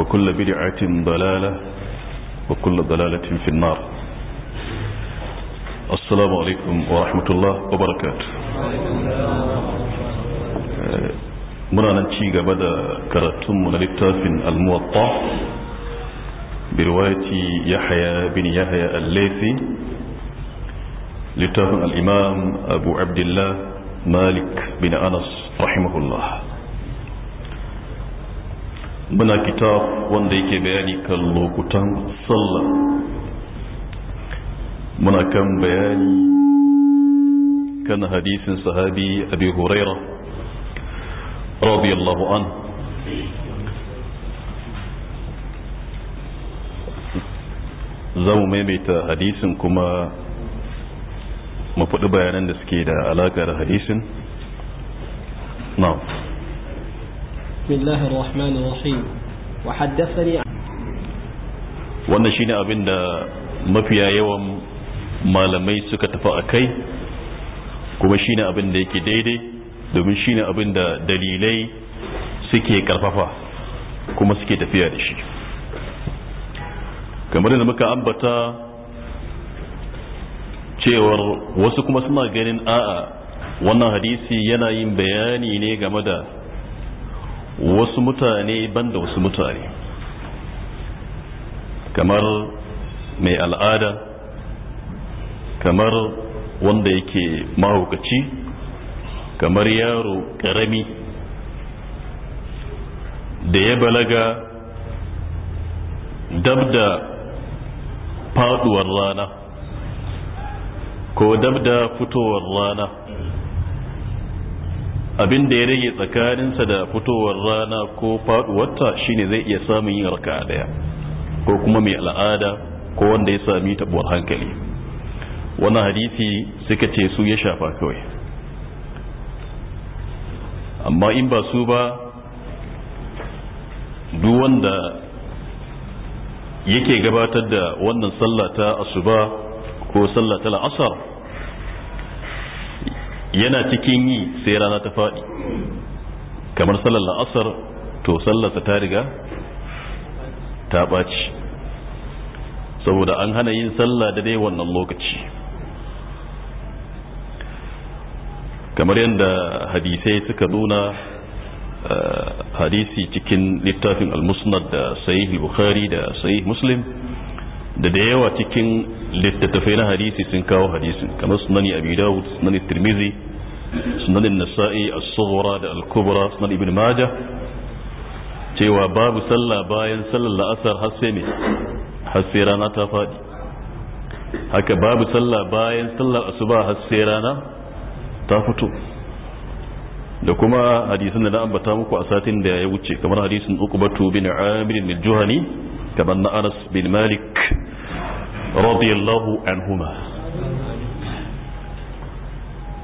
وكل بدعة ضلالة وكل ضلالة في النار السلام عليكم ورحمة الله وبركاته من مرانا تشيغ بدا كرتم من الكتاب الموطا برواية يحيى بن يحيى الليثي لتاب الإمام أبو عبد الله مالك بن أنس رحمه الله muna kitab wanda yake bayani kan lokutan sallah muna kan bayani kan hadisin sahabi abi huraira radiyallahu an za mu maimaita hadisin kuma mu faɗi bayanan da suke da alaƙa da hadisin na'am بسم الله الرحمن الرحيم وحدثني wannan shine abin da mafiya yawan malamai suka tafi a kai kuma shine abin da yake daidai domin shine abin da dalilai suke karfafa kuma suke tafiya da shi kamar da muka ambata cewar wasu kuma suna ganin a'a wannan hadisi yana yin bayani ne game da wasu mutane banda wasu mutane kamar mai al'ada kamar wanda yake mahaukaci kamar yaro karami da ya balaga dab da faduwar rana ko dab da fitowar rana abin da ya rage tsakaninsa da fitowar rana ko faduwarta shine zai iya samun yin raka daya ko kuma mai al'ada ko wanda ya sami tabuwar hankali wannan hadisi suka ce su ya shafa kawai amma in ba su ba duk wanda yake gabatar da wannan sallata asuba ko sallata la'asar yana cikin yi sai rana ta faɗi kamar sallar la'asar to sallarsa ta riga ta ɓaci saboda an hana yin sallah da dai wannan lokaci kamar yadda hadisai suka nuna eh, hadisi cikin littafin al da sahih bukhari da sahih muslim da da yawa cikin littattafai na hadisi sun kawo hadisi kamar sunani abi dawud sunani tirmizi sunan nasa'i as-sughra da al-kubra sunan ibn majah cewa babu sallah bayan sallar la'asar har sai ne rana ta faɗi haka babu sallah bayan sallar asuba har rana ta fito da kuma hadisin da na ambata muku a satin da ya wuce kamar hadisin uqbatu bin amir bin juhani kamar na anas bin malik radiyallahu anhuma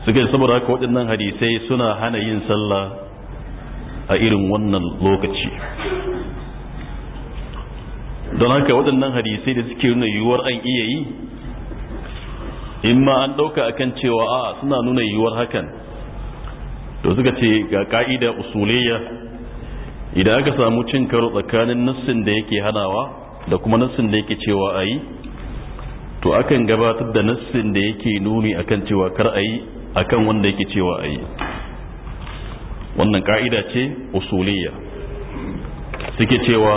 suka saboda haka waɗannan hadisai suna hana yin sallah a irin wannan lokaci don haka waɗannan hadisai da suke nuna yiwuwar an iya yi in ma an ɗauka akan cewa a suna nuna yiwuwar hakan to suka ce ga ka'ida usuliya idan aka samu cin karo tsakanin nassin da yake hanawa da kuma nassin da yake cewa a yi to akan gabatar da nassin da yake nuni akan cewa kar a yi akan wanda yake cewa a yi wannan ka'ida ce usuliyya suke cewa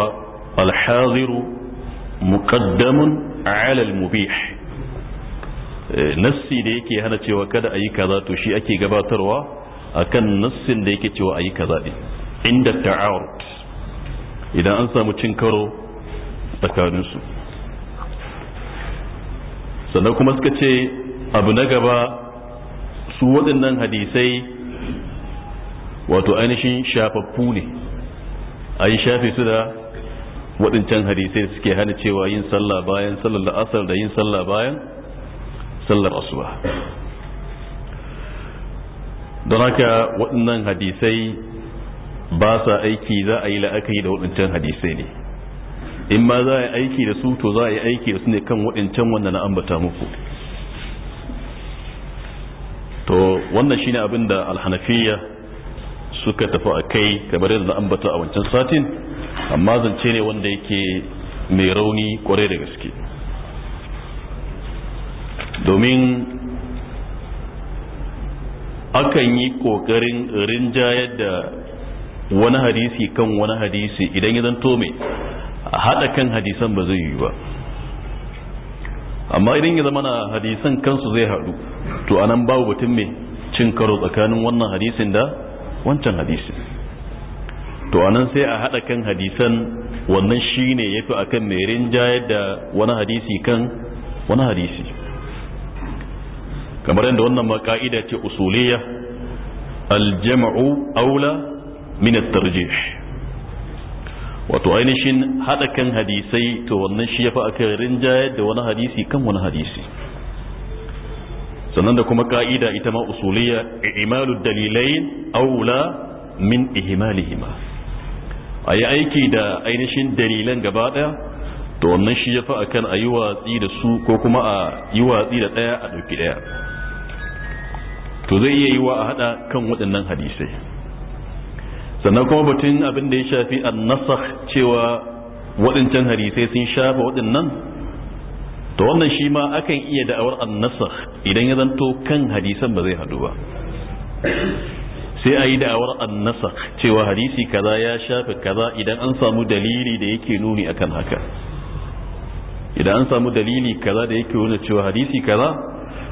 alhaziru muqaddamun ala mubih eh, nassi da yake hana cewa kada a yi kaza to shi ake gabatarwa akan nassin da yake cewa a yi kaza din inda ta'arud idan an samu cin karo tsakaninsu sannan kuma suka ce abu na gaba su waɗannan hadisai wato ainihin shafaffu ne a yi shafe su da waɗancan hadisai da suke hana cewa yin sallah bayan sallar da asar da yin sallah bayan sallar asuba don haka waɗannan hadisai ba sa aiki za a yi la'akari da waɗancan hadisai ne in ma za a yi aiki da su to za a yi aiki da su ne kan waɗancan wanda na ambata muku wannan shine abin da alhanafiya suka tafi a kai kamar yadda ambata a wancan satin amma zance ne wanda yake mai rauni kwarai da gaske domin akan yi kokarin rinjayar da wani hadisi kan wani hadisi idan ya zanto mai haɗa kan hadisan ba zai yi ba amma idan ya zama na hadisan kansu zai haɗu to anan babu batun mai cin karo tsakanin wannan hadisin da wancan hadisin to anan sai a haɗa kan hadisan wannan shine ya fi akan mai rinjayar da wani hadisi kan wani hadisi kamar yadda wannan maka'ida ce usuliya aljama'u aula min tarjih wato ainihin haɗa kan hadisai to wannan shi ya fi akan rinjayar da wani hadisi kan wani hadisi sannan da kuma ka'ida ita ma usuliya imalu dalilai aula min ihmalihima a yi aiki da ainihin dalilan gaba daya to wannan shi ya fa akan a yi watsi da su ko kuma a yi watsi da daya a ɗauki daya to zai iya yi wa a hada kan waɗannan hadisai sannan kuma batun abin da ya shafi an nasakh cewa waɗancan hadisai sun shafa waɗannan to wannan shi ma akan iya da'awar annasar idan ya zanto kan hadisan ba zai hadu ba sai a yi da'awar annasar cewa hadisi kaza ya shafe kaza idan an samu dalili da yake nuni akan haka idan an samu dalili kaza da yake nuna cewa hadisi kaza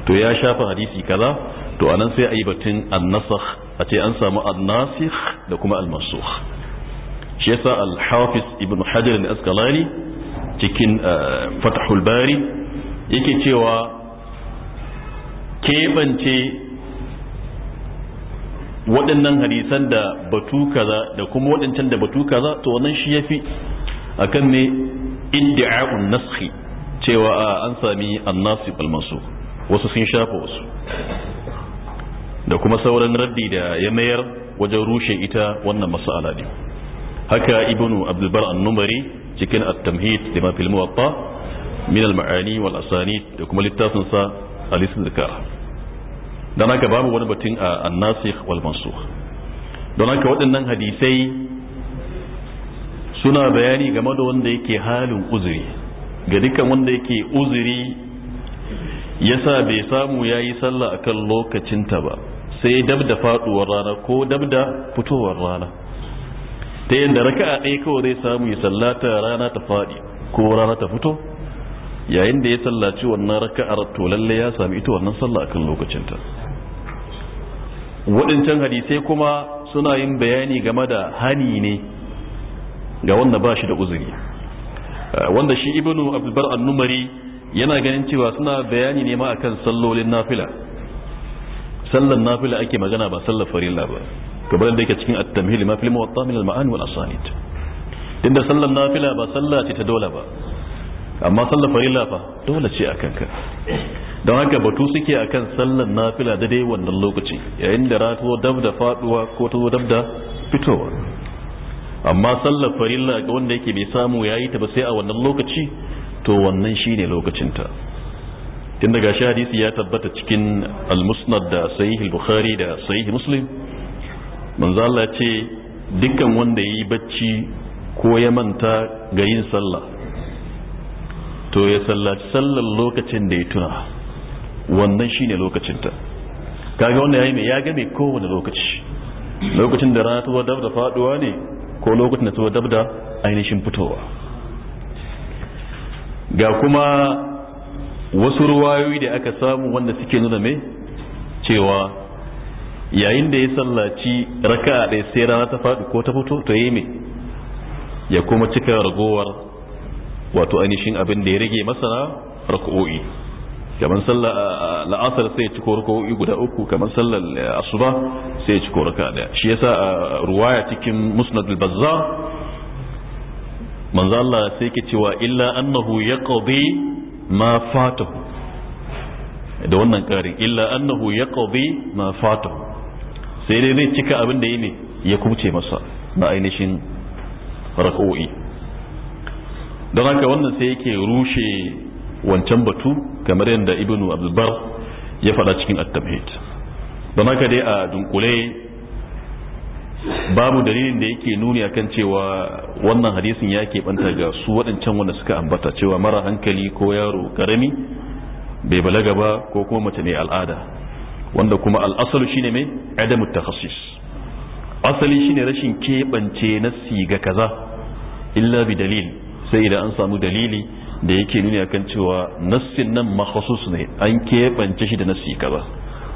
to ya shafe hadisi kaza to anan sai a yi batun annasar a ce an samu annasir da kuma almansukh shi yasa al-hafiz ibn hajar al-asqalani cikin eh, fathul bari yake cewa keɓance waɗannan hadisan da batu kaza da kuma waɗancan da batu kaza to wannan shi ya fi a kan ne iddi'a'un naskhi cewa an sami annasi almasu wasu sun shafa wasu da kuma sauran raddi da ya mayar wajen rushe ita wannan masala ne haka ibnu abdulbar Numari. cikin at-tamhid lima fil muwatta min al-ma'ani wal asanid da kuma littafin sa al-istizkar dan haka babu wani batun a an-nasikh wal mansukh don haka waɗannan hadisai suna bayani game da wanda yake halin uzuri ga dukkan wanda yake uzuri yasa bai samu yayi sallah akan lokacinta ba sai dab da faduwar rana ko dab da fitowar rana ta yadda raka'a ɗaya kawai zai samu ya sallata rana ta faɗi ko rana ta fito yayin da ya sallaci wannan raka'ar to lalle ya sami ita wannan sallah akan lokacinta waɗancan hadisai kuma suna yin bayani game da hani ne ga wanda ba shi da uzuri eh, wanda shi ibnu abdulbar annumari yana ganin cewa suna bayani ne ma akan sallolin nafila sallan nafila ake magana ba sallar farilla ba kamar da yake cikin at-tamhil ma fil muwatta min al-ma'ani wal asanid inda sallar nafila ba sallah ce ta dole ba amma sallar farilla fa dole ce akan ka don haka batu suke akan sallar nafila da dai wannan lokaci yayin da rato dab da faduwa ko ta dab da fitowa amma sallar farilla ga wanda yake bai samu yayi ta ba sai a wannan lokaci to wannan shine lokacinta tun daga shi hadisi ya tabbata cikin al-musnad da sahih al-bukhari da sahih muslim manzo Allah ce dukkan wanda yayi bacci ko ya manta ga yin sallah to ya sallaci sallar lokacin da ya tuna wannan shine lokacinta kaga ya yayi ne ya game kowane lokaci lokacin da rana tuwa zo dab da faduwa ne ko lokacin da tuwa zo dab da ainihin fitowa ga kuma wasu ruwayoyi da aka samu wanda suke nuna mai cewa yayin da ya sallaci raka'a ɗaya sai rana ta faɗi ko ta fito ta yi ya kuma cika ragowar wato ainihin abin da ya rage masana raka'o'i kamar sallar la'asar sai ya ciko raka'o'i guda uku kamar sallar asuba sai ya ciko raka ɗaya shi yasa ruwaya cikin musnad al-bazzar manzo Allah sai ke cewa illa annahu yaqdi ma fatahu da wannan karin illa annahu yaqdi ma fatahu sai dai zai cika abin da ya ne ya kuce masa na ainihin rak'o'i don haka wannan sai yake rushe wancan batu kamar yadda ibnu abdulbar ya faɗa cikin at-tabhid don haka dai a dunkule babu dalilin da yake nuni akan cewa wannan hadisin ya banta ga su waɗancan wanda suka ambata cewa mara hankali ko yaro karami bai balaga ba ko kuma mace mai al'ada wanda kuma al'asalu shine mai adamu takhassis asali shine rashin keɓance na ga kaza illa bi dalil sai idan an samu dalili da yake nuni akan cewa nassin nan makhasus ne an keɓance shi da nassi kaza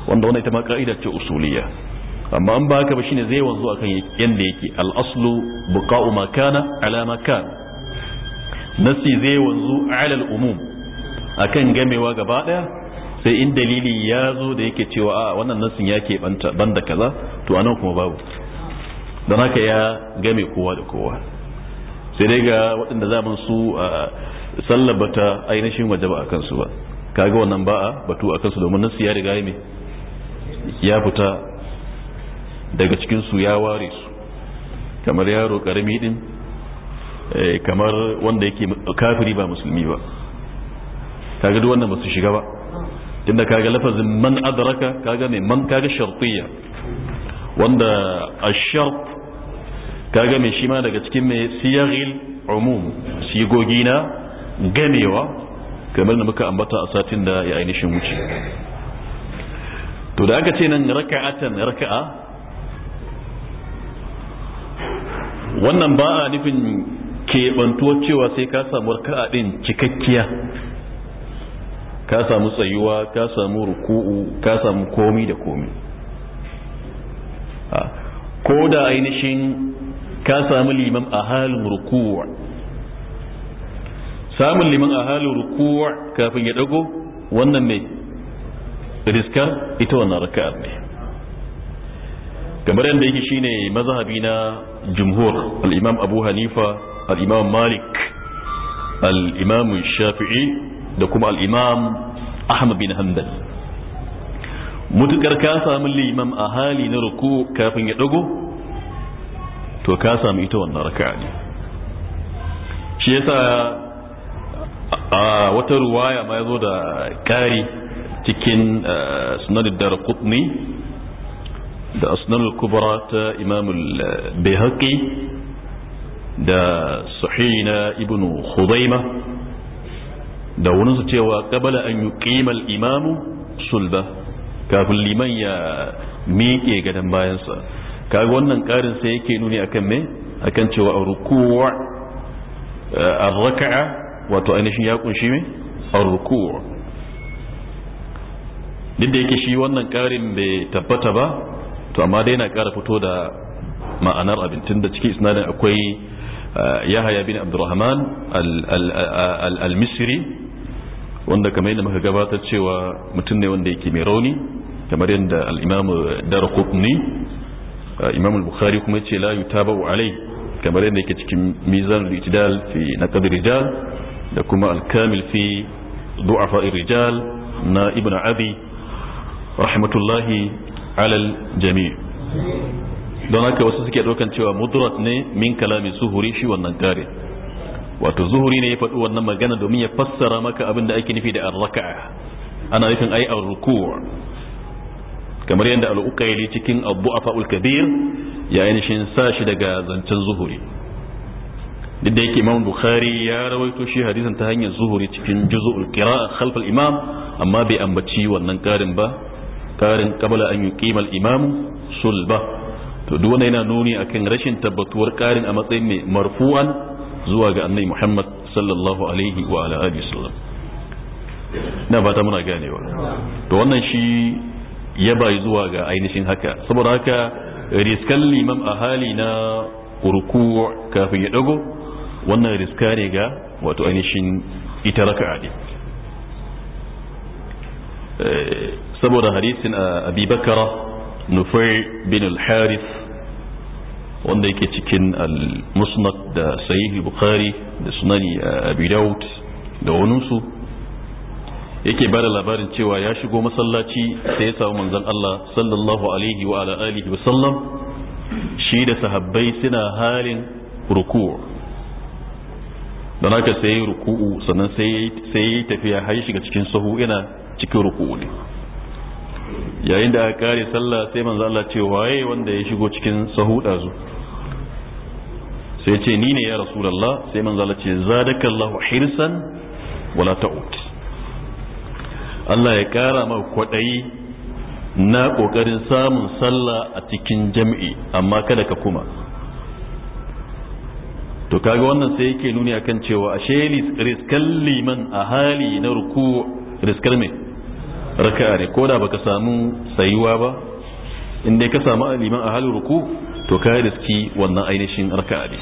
wanda wannan ita ma ka'ida ce usuliya amma an ba haka ba shine zai wanzu akan yanda yake al-aslu buqa'u makana ala ma nassi zai wanzu ala umum akan gamewa gaba daya sai in dalili ya zo da yake cewa a wannan nassin ya ke banda kaza to anan kuma babu don haka ya game kowa da kowa sai dai ga waɗanda zaman su sallabata ainihin waje ba a kansu ba kaga wannan ba a batu a kansu domin nassi ya riga ne ya fita daga cikin su ya ware su kamar yaro karami din eh, kamar wanda yake kafiri ba musulmi ba kaga duk wannan ba su shiga ba tunda kaga lafazin man adraka kaga mai man kaga sharqiya wanda ash sharf kaga mai shi ma daga cikin mai siyaghil umum sigogi na gamewa kamar da muka ambata a satin da ya ainihin wuce to da aka ce nan raka'atan raka'a wannan ba a nufin keɓantuwar cewa sai ka samu raka'a din cikakkiya ka samu tsayuwa ka samu ruku'u ka samu komi da komi ah, ko da ainihin ka samu liman a halin ruku'u samun liman a halin ruku'u kafin ya dago wannan ne riskar ita wannan raka'ar ne kamar yadda yake shine mazhabi na jumhur al-imam abu hanifa al-imam malik al-imam shafi'i da kuma al'imam ahmad bin hanbal mutukar ka samu limam a hali na ruku kafin ya dago to ka samu ita wannan raka'a ne shi yasa a wata ruwaya ma ya zo da kari cikin eh, sunan dar kutni da sunan kubra ta imamul bihaqi da suhina ibnu khudaima da wani su cewa kabala an yuqimal imamu sulba kafin liman ya miƙe gadon bayansa kaga wannan ƙarin sai yake nuni akan me akan cewa rukuwa eh, a rakaa wato ainihin ya kunshi me a rukuwa duk da yake shi wannan ƙarin bai tabbata ba to amma dai yana ƙara fito da ma'anar abin tun da cikin isnadin akwai eh, yahaya bin abdurrahman al-misri wanda kamar yadda muka gabatar cewa mutum ne wanda yake mai rauni kamar yadda al'imamu dara kutni uh, imam bukhari kuma ce la ba'u alai kamar yadda yake cikin mizan rijal fi na rijal da kuma al-kamil fi du'afa rijal na ibn abi rahmatullahi alal jami don haka wasu suke ɗaukan cewa mudrat ne min kalami suhuri shi wannan kare wato zuhuri ne ya faɗi wannan magana domin ya fassara maka abin da ake nufi da arraka'a ana nufin ai arruku kamar yadda al'ukaili cikin abu a fa'ul kabir ya ainihin sa shi daga zancen zuhuri duk da yake imam bukhari ya rawaito shi hadisin ta hanyar zuhuri cikin juzu'ul qira'a khalf imam amma bai ambaci wannan karin ba karin qabla an yuqima al-imam sulba to duk wannan yana nuni akan rashin tabbatuwar karin a matsayin mai marfu'an zuwa ga annai muhammad sallallahu alaihi wa ala alihi sallam na ba ta muna ganewa to wannan shi ya bai zuwa ga ainihin haka saboda haka riskan limam a hali na kurku kafin ya dago wannan riska ne ga wato ainihin ita raka'a ne eh, saboda hadisin a ah, bakara nufai bin al-harith wanda yake cikin al-musnad da sahih bukhari da sunani eh, abi daud da waninsu yake bada labarin cewa ya shigo masallaci sai ya samu manzon Allah sallallahu alaihi wa ala alihi wa sallam shi da sahabbai suna halin ruku'u. don haka sai ruku'u sannan sai yi tafiya har shiga cikin sahu ina cikin ruku'u ne yayin da aka kare sallah sai manzo Allah ce waye wanda ya shigo cikin sahu dazu sai ce ni ne ya rasulallah sai man manzala ce zadakallahu hirsan wala ta'ut Allah ya kara ma kwaɗayi na ƙoƙarin samun sallah a cikin jam'i amma kada ka kuma to kaga wannan sai yake nuni akan cewa ashe riskan liman a hali na ruku riskar me raka ne ko da baka samu sayuwa ba in ka samu liman a halin ruku to ka riski wannan ainihin raka'a ne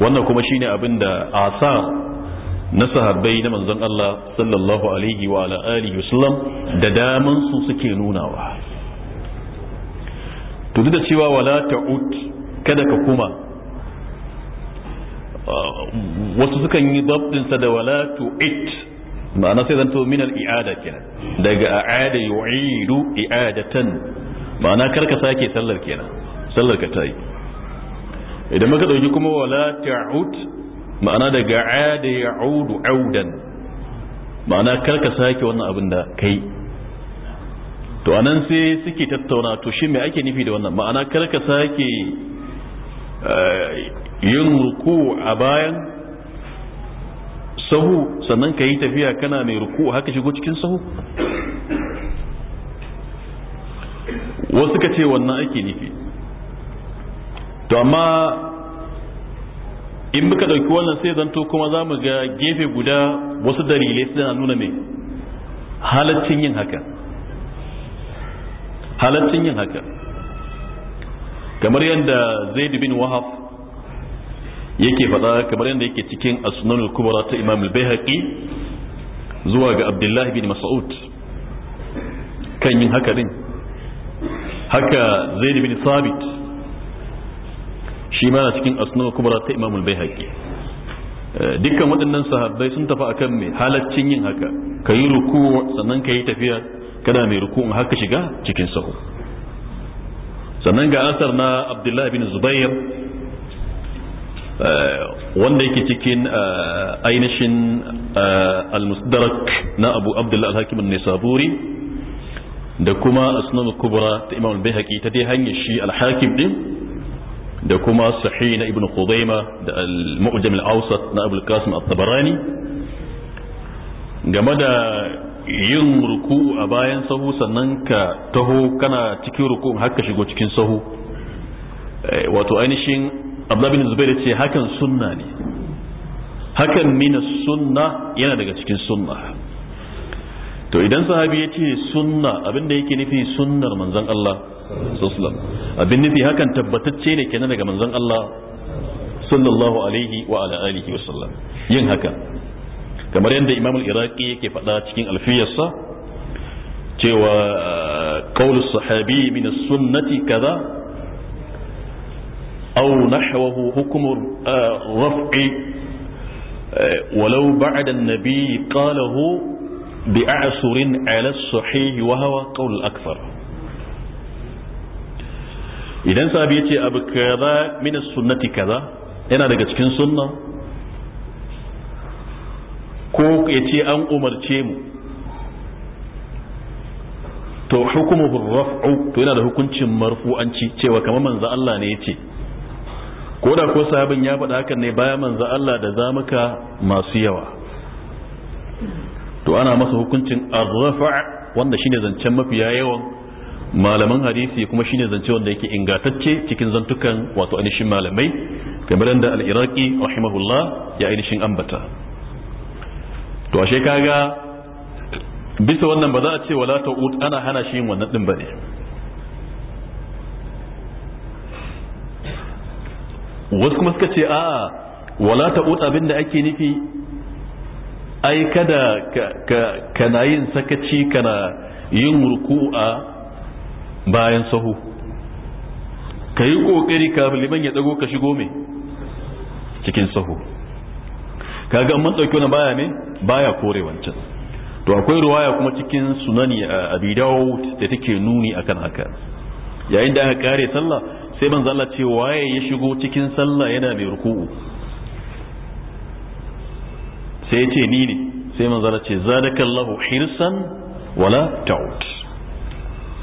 wannan kuma shi ne abinda a sa na sahabbai na manzon Allah sallallahu alaihi wa ala alihi wasallam da damansu suke nunawa to duk da cewa wala ta'ud kada ka kuma uh, wasu sukan yi dabdinsa da wala tu'it ma'ana sai zanto min al-i'ada kenan daga a'ada yu'idu i'adatan ma'ana karka sake sallar kenan sallar ka tayi. idan muka ɗauki kuma wala ta'ud ma'ana daga ada ya'udu audan ma'ana karka sake wannan abin da kai to anan sai suke tattauna to shi me ake nufi da wannan ma'ana karka sake eh, yin ruku a bayan sahu sannan ka yi tafiya kana mai ruku haka shigo cikin sahu wasu ka ce wannan ake nufi to amma in muka ɗauki wannan sai zanto kuma za mu ga gefe guda wasu dalilai suna nuna mai halaccin yin haka halaccin yin haka kamar yadda zaid bin wahab yake faɗa kamar yadda yake cikin as kubra ta imam al bayhaqi zuwa ga abdullahi bin mas'ud kan yin haka din haka zaid bin sabit shi mana cikin asnul kubra ta imamul baihaqi eh, dukkan waɗannan sahabbai sun tafi akan mai halaccin yin haka ka yi ruku sannan ka yi tafiya kada mai ruku in haka shiga cikin sahu sannan ga asar na abdullahi bin zubair eh, wanda yake cikin eh, ainihin al-musdarak na abu abdullahi al-hakim an-nisaburi da kuma asnan kubra ta imam al ta dai hanyar shi al-hakim din da kuma sahih na ibn khudaima da al-mu'jam al-awsat na abul qasim at-tabarani game da yin ruku a bayan sahu sannan ka taho kana cikin ruku har ka shigo cikin sahu eh, wato ainihin abdullahi bin zubair ce hakan sunna ne hakan mina sunna yana daga cikin sunna to idan sahabi ya ce sunna abin da yake nufi sunnar manzon Allah sallallahu abin nufi hakan tabbatacce ne kenan daga manzon Allah sallallahu alaihi wa ala alihi wa sallam yin haka kamar yadda imamul al-iraqi yake faɗa cikin alfiyarsa cewa qawl sahabi min as-sunnati kaza aw nahwahu hukm raf'i ولو بعد النبي قاله بعسر على الصحيح وهو قول الأكثر idan sahabi yace ce abu kaza sunnati kaza yana daga cikin sunna ko ya an umarce mu to hukumu raf'u to yana da hukuncin marfu marfu'anci cewa kamar manzo Allah ne ya ce ko da ko sahabin ya faɗa hakan ne baya manzo Allah da zamuka masu yawa to ana masa hukuncin arrafa wanda shine zancen mafiya yawan malaman hadisi kuma shine zance wanda yake ingatacce cikin zantukan wato ainihin malamai kamar da al-iraqi rahimahullah ya ainihin ambata to ashe kaga bisa wannan ba za a ce wala ta'ud ana hana shi yin wannan din bane wasu kuma suka ce a wala ta'ud abinda ake nufi ai kada kana yin sakaci kana yin ruku'a bayan sahu ka yi ƙoƙari kafin liman ya dago ka shigo mai cikin sahu kaga mun ɗauki wani baya ne baya kore wancan to akwai ruwaya kuma cikin sunani a eh, abi da take nuni akan haka yayin da aka kare sallah sai manzo Allah ce waye ya shigo cikin sallah yana mai ruku'u sai ya ce ni ne sai manzala ce zadakallahu hirsan wala ta'ud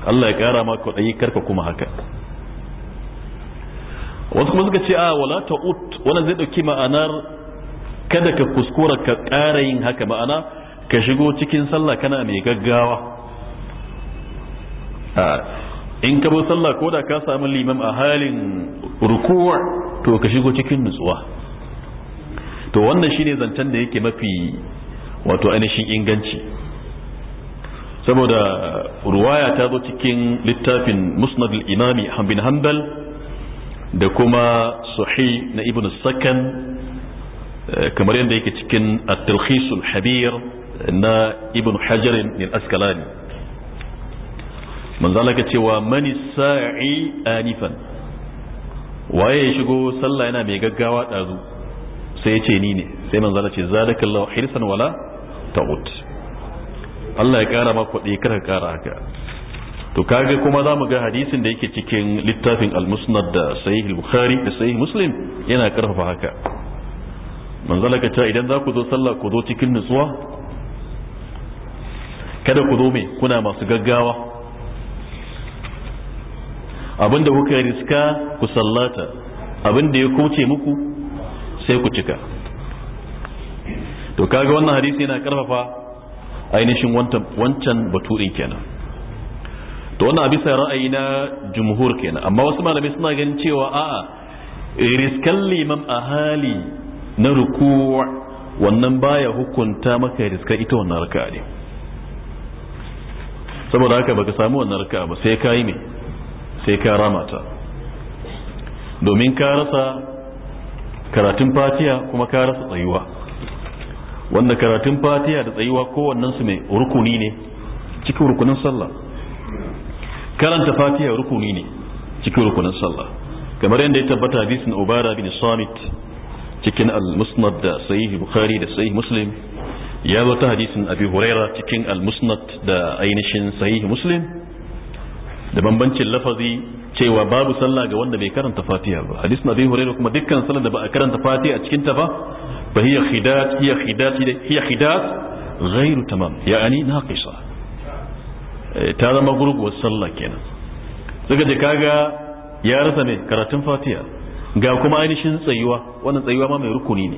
Allah ya kara maka yi karka kuma haka wasu kuma suka ce a wala ta'ud wannan zai ɗauki ma'anar kada ka kuskura ka ƙara yin haka ma'ana ka shigo cikin sallah kana mai gaggawa in ka sallah ko da ka samu limam a halin rukuwa to ka shigo cikin nutsuwa to wannan shine zancen da yake mafi wato ainihin inganci saboda ruwaya ta zo cikin littafin musnad al-imami bin hanbal da kuma suhi na ibn sakan eh, kamar yadda yake cikin at-talkhis habir na ibn hajar al-askalani manzo Allah cewa mani sa'i anifan waye ya shigo sallah yana mai gaggawa dazu sai ya ce ni ne sai manzala ce zalika hirsan wala ta'ud Allah ya kara maka kuɗi kar ka kara haka to kage kuma zamu ga hadisin da yake cikin littafin al-musnad da sahih al-bukhari da sahih muslim yana karfafa haka manzala ka ce idan za ku zo sallah ku zo cikin nutsuwa kada ku zo me kuna masu gaggawa abinda kuka riska ku sallata abinda ya kuce muku sai ku cika to kaga wannan hadisi yana karfafa ainihin wancan baturin kenan to wannan abisa ra'ayi na jumhur kenan amma wasu malami suna ganin cewa a'a riskan liman a hali na rukuwa wannan baya hukunta maka riska ita wannan raka ne saboda haka baka samu wannan raka ba sai ka yi sai ka rama domin ka rasa karatun Fatiya kuma ka rasa tsayuwa wanda karatun Fatiya da tsayuwa kowannen su mai rukuni ne cikin rukunin sallah karanta Fatiya rukuni ne cikin rukunin sallah kamar yadda ya tabbata hadisin ubara bin samit cikin al-musnad da sahih bukhari da sahih muslim ya zo ta hadisin abi huraira cikin al-musnad da ainihin sahih muslim da bambancin lafazi cewa babu sallah ga wanda bai karanta fatiha ba hadis na bihore kuma dukkan sallah da ba a karanta fatiha a cikin ta ba fa hiya khidat hiya khidat hiya khidat ghairu tamam ya'ani naqisa eh, ta zama wasu sallah kenan suka je kaga ya rasa ne karatun fatiha ga kuma ainihin tsayuwa wannan tsayuwa ma mai rukuni ne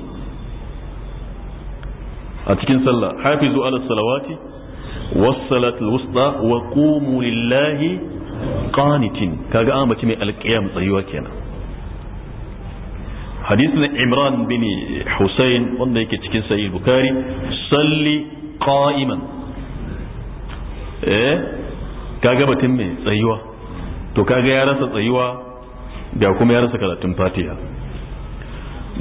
a cikin sallah hafizu ala salawati was salatul wusta wa qumu lillahi qanitin kaga an bace mai alqiyam tsayuwa kenan hadisin imran bin husayn wanda yake cikin sahih bukhari salli qa'iman eh kaga batun mai tsayuwa to kaga ya rasa tsayuwa ga kuma ya rasa karatun fatiha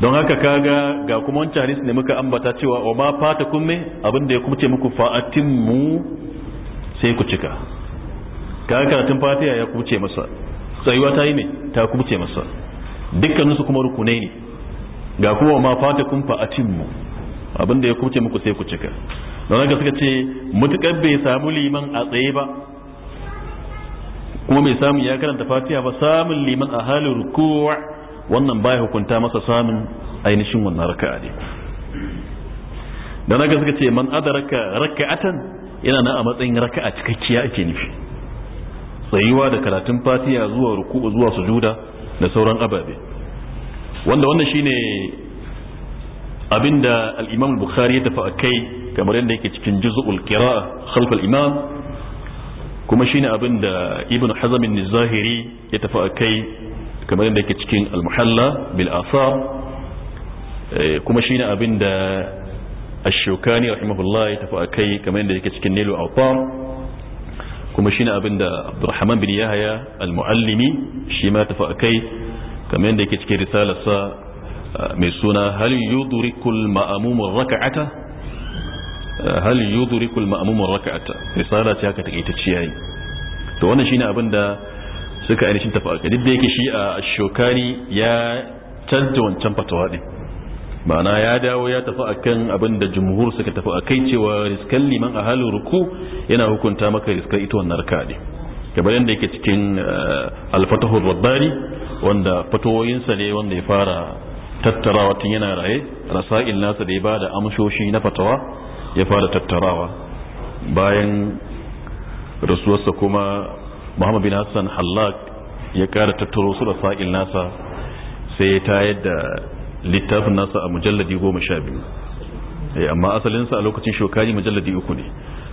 don haka kaga ga kuma wancan hadis ne muka ambata cewa wa ma fata kun me abin ya kuma ce muku fa'atin mu sai ku cika kaga karatun fatiha ya kuce masa tsayuwa ta yi ne ta kuce masa dukkanin su kuma rukunai ne ga kuma ma fata kun fa atimmu abin da ya kuce muku sai ku cika don haka suka ce mutukar bai samu liman a tsaye ba kuma bai samu ya karanta fatiha ba samun liman a halin rukuwa wannan baya hukunta masa samun ainihin wannan raka'a ne don haka suka ce man adaraka raka'atan yana na a matsayin raka'a cikakkiya ake nufi tsayuwa da karatun fatiha zuwa ruku'u zuwa sujuda da sauran ababe wanda wannan shine abinda al-imam bukhari ya tafi a kai kamar yadda yake cikin juz'ul qira'a khalf al-imam kuma shine abinda ibn hazm an-zahiri ya tafi a kai kamar yadda yake cikin al-muhalla bil asar eh, kuma shine abinda ash-shukani rahimahullah ya tafi a kai kamar yadda yake cikin nilu awtam kuma shine abin da abdurrahman bin yahaya al-muallimi shi ma tafi akai kamar yadda yake cikin risalarsa uh, mai suna hal yudrikul ma'amumur raka'ata uh, hal yudrikul ma'amumur raka'ata risala ce haka take ta ciyayi to wannan shine abin da suka ainihin tafi akai duk da yake shi a uh, shokani ya canta wancan fatawa din ma'ana ya dawo ya tafi akan abin da jumhur suka tafi akai cewa riskan liman a halin ruku yana hukunta maka riskar ita wannan raka ne kamar yadda yake cikin eh, alfatahu rabbani wanda fatoyinsa ne wanda ya fara tattarawa tun yana raye rasa'il nasa da ya bada amshoshi na fatawa ya fara tattarawa bayan rasuwarsa kuma muhammad bin hassan hallak ya kara tattaro su rasa'il nasa sai ya tayar da littafin nasa a mujalladi goma sha biyu eh, amma asalinsa a lokacin shokani mujalladi uku ne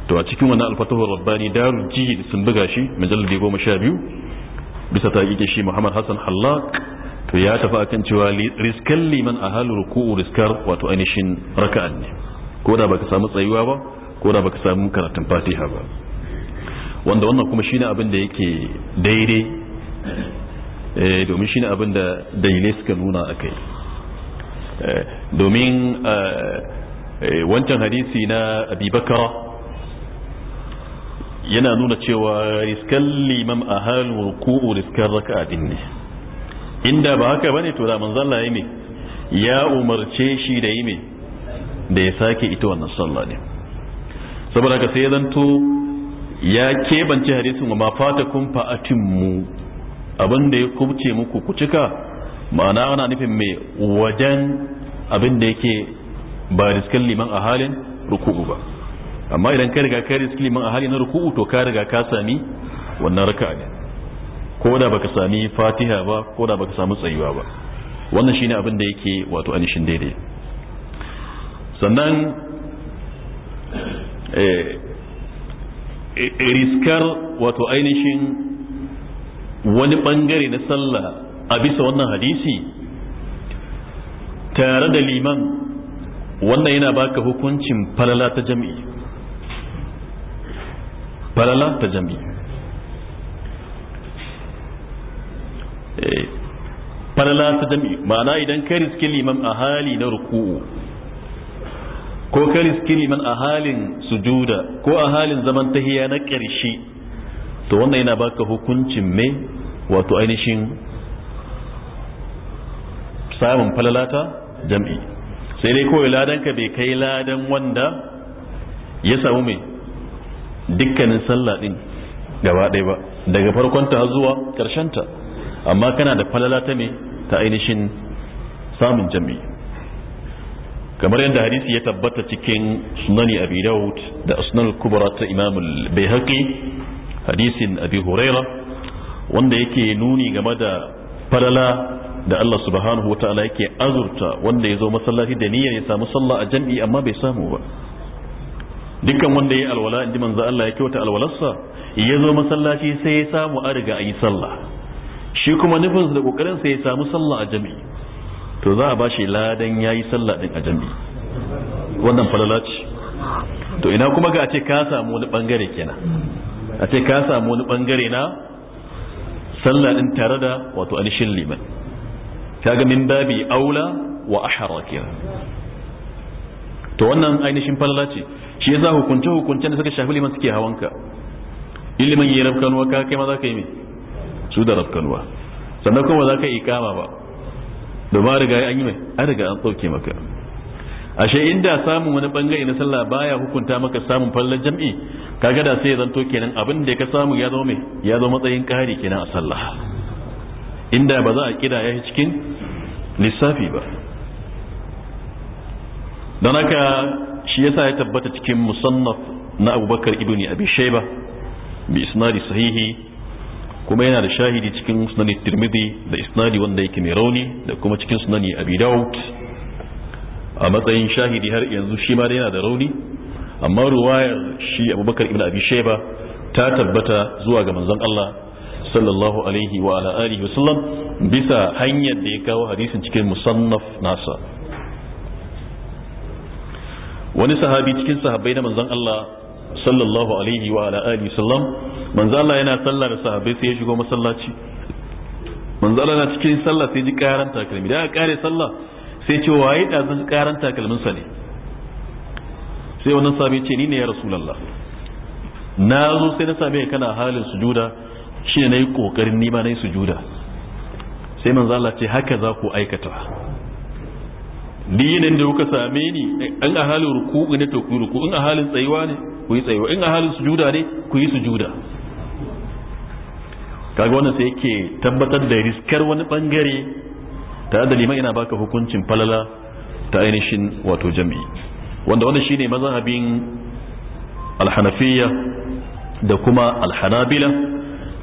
to a cikin wani alfatahu rabbani daru jihi sun buga shi mujalladi goma sha biyu bisa ta ƙiƙe shi muhammad hassan hallak to ya tafi a akan cewa riskan liman a halin ruku'u riskar wato ainihin raka'an ne ko da baka samu tsayuwa ba ko da baka samu karatun fatiha ba wanda wannan kuma shine abin da yake daidai eh, domin shine abin da dalilai suka nuna a kai Eh, domin eh, eh, wancan hadisi na abubakar yana nuna cewa riskan liman a halin ruku'u riskan raka binne. In inda ba haka bane to da manzalla ya ne ya umarce shi da yi ne da ya sake ita wannan sallah ne saboda ka sai zanto ya keɓance hadisin wa ma fata kun fa'atin mu abinda ya kubce muku ku cika ma'ana ana nufin mai wajen abin da yake ba riskan liman a halin ruku'u ba amma idan ka riga ka riskin liman a halin ruku'u to ka riga ka sami wannan raka ne ko da baka sami fatiha ba ko da baka sami tsayuwa ba wannan shine abin da yake wato anishin daidai sannan eh, eh, riskar wato ainihin wani bangare na sallah a bisa wannan hadisi tare da liman wannan yana baka hukuncin falala ta jami'i falala ta jami'i eh, falala ta jami'i ma'ana idan ka riski liman a hali na ruku'u ko ka riski liman a halin sujuda ko a halin zaman tahiya na ƙarshe to wannan yana baka hukuncin mai wato ainihin samun falalata jam'i sai dai kawai ladanka bai kai ladan wanda ya samu mai dukkanin sallah ɗin gaba ɗaya ba daga farkonta ta zuwa ta amma kana da falalata ne ta ainihin samun jam'i kamar yadda hadisi ya tabbata cikin sunani abi daud da sunan kubra ta imam bai hadisin abi huraira wanda yake nuni game da falala da Allah subhanahu wataala yake azurta wanda ya zo masallaci da niyyar ya samu sallah a jam'i amma bai samu ba dukkan wanda ya alwala inji manzo Allah ya kyauta alwalarsa ya zo masallaci sai ya samu a riga an yi sallah shi kuma nufin da kokarin sai ya samu sallah a jam'i to za a shi ladan yayi sallah din a jam'i wannan falala ce to ina kuma ga a ce ka samu wani bangare kenan a ce ka samu wani bangare na sallah din tare da wato alishin liman kaga min babi aula wa ahara kira to wannan ainihin falala ce shi yasa hukunce hukuncen da suka shafi liman suke hawanka ilimin yi rafkanuwa ka kai ma za ka yi me su da rafkanuwa sannan kuma za ka yi kama ba domin riga an yi mai an riga an tsauke maka ashe inda samun wani bangare na sallah baya hukunta maka samun fallan jam'i kaga da sai ya zanto kenan abin da ka samu ya zo mai ya zo matsayin kari kenan a sallah inda ba za a ya yi cikin lissafi ba don haka shi yasa ya tabbata cikin musannaf na abubakar ibn abi shaiba bi isnadi sahihi kuma yana da shahidi cikin sunani tirmidhi da isnadi wanda yake mai rauni da kuma cikin sunani abi daud a matsayin shahidi har yanzu shi ma yana da rauni amma ruwayar shi abubakar ibn abi shaiba ta tabbata zuwa ga manzon Allah sallallahu alaihi wa ala alihi wasallam bisa hanyar da ya kawo hadisin cikin musannaf nasa wani sahabi cikin sahabbai na manzon Allah sallallahu alaihi wa ala alihi wasallam manzon Allah yana sallah da sahabbai sai ya shigo masallaci manzon Allah na cikin sallah sai ji karan takalmi da aka kare sallah sai ce waye da zan karan takalmin sa ne sai wannan sahabi ce ni ne ya rasulullah na zo sai na same kana halin sujuda shi na yi ƙoƙarin nima na yi sujuda sai man zala ce haka za ku aikata dinin da kuka same ni in a halin ruku'u ne to ku ruku in a halin tsayuwa ne ku yi tsayuwa in a halin sujuda ne ku yi sujuda kaga wannan sai yake tabbatar da riskar wani bangare tare da liman ina baka hukuncin falala ta ainihin wato jami'i wanda wannan shine mazhabin alhanafiya da kuma alhanabila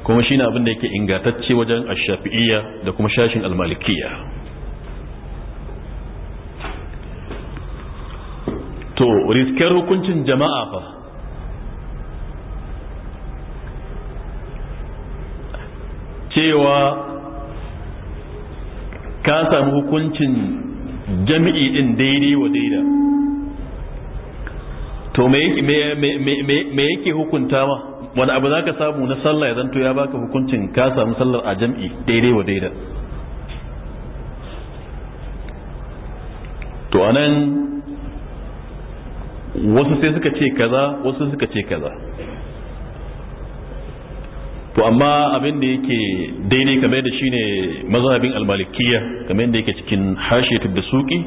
kuma shine abin da yake ingantacce wajen ash-shafi'iyya da kuma shashin al-malikiyya to riskar hukuncin jama'a fa cewa ka samu hukuncin jami'i din daidai wa daida to me yake hukunta ma wani abu za ka samu na sallah ya zanto ya baka hukuncin ka samu sallar a jam'i daidai wa daidai. to anan wasu sai suka ce kaza wasu suka ce kaza to amma abin da yake daidai kamar da shine mazhabin almalikiyya kamar da yake cikin hashe da suki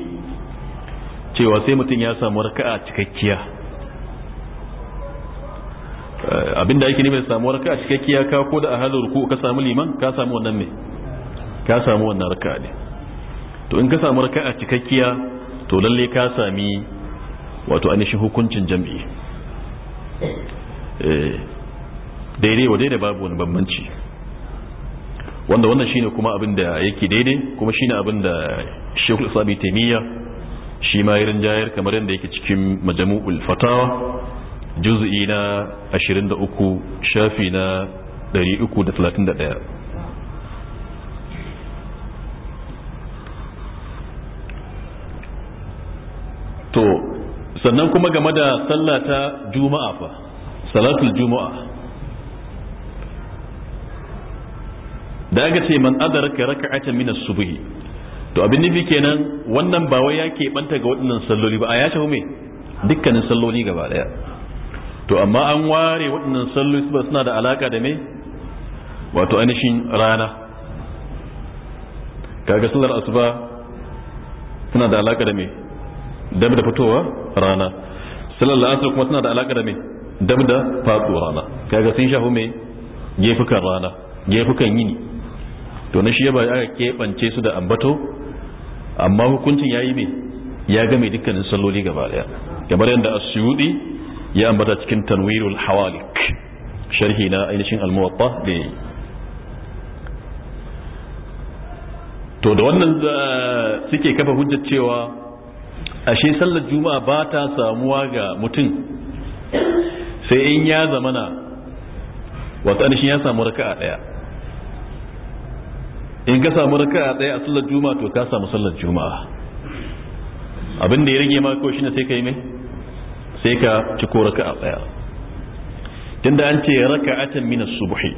cewa sai mutum ya samu raka'a cikakkiya Abin da yake mai samuwar ka a cikakkiya ka ko da a halin ruku ka samu liman ka samu wannan ne ka samu wannan raka ne to in ka samu raka a cikakkiya to lalle ka sami wato shi hukuncin jam'i eh, daidai wa daidai babu wani bambanci wanda wannan shine kuma abin da yake daidai kuma shine abin da shekul islami taimiyya shi ma yi rinjayar kamar yadda yake cikin majamu'ul fatawa juz'i na 23 shafi na 331 to sannan kuma game da ta juma'a fa salatul juma'a da aka ce man ka raka'atan min as-subhi to abin nufi kenan wannan ba wai ya keɓanta ga waɗannan salloli ba a ya shafi me dukkanin salloli gaba daya to amma an ware waɗannan salloli suna da alaka da me wato ainihin rana kaga sallar asuba suna da alaka da me dab da fitowa rana sallar la'asar kuma suna da alaka da me dab da fatsu rana kaga sun shafi me gefukan rana gefukan yini to na shi ya ba aka keɓance su da ambato amma hukuncin ya yi me ya game dukkanin salloli gaba daya kamar yadda asyudi ya ambata cikin tanwirul hawalik sharhi na ainihin almuwatta da ne. to da wannan eh, suke kafa hujjar cewa ashe sallar juma'a ba ta samuwa ga mutum sai in ya zamana wata anishin ya samu raka'a daya in ka samu raka'a daya a sallar juma'a to ka samu sallar juma'a abin da ya rage ma ko ne sai ka yi mai sai ka ci ko raka a tsaya tunda an ce raka'atan min as-subhi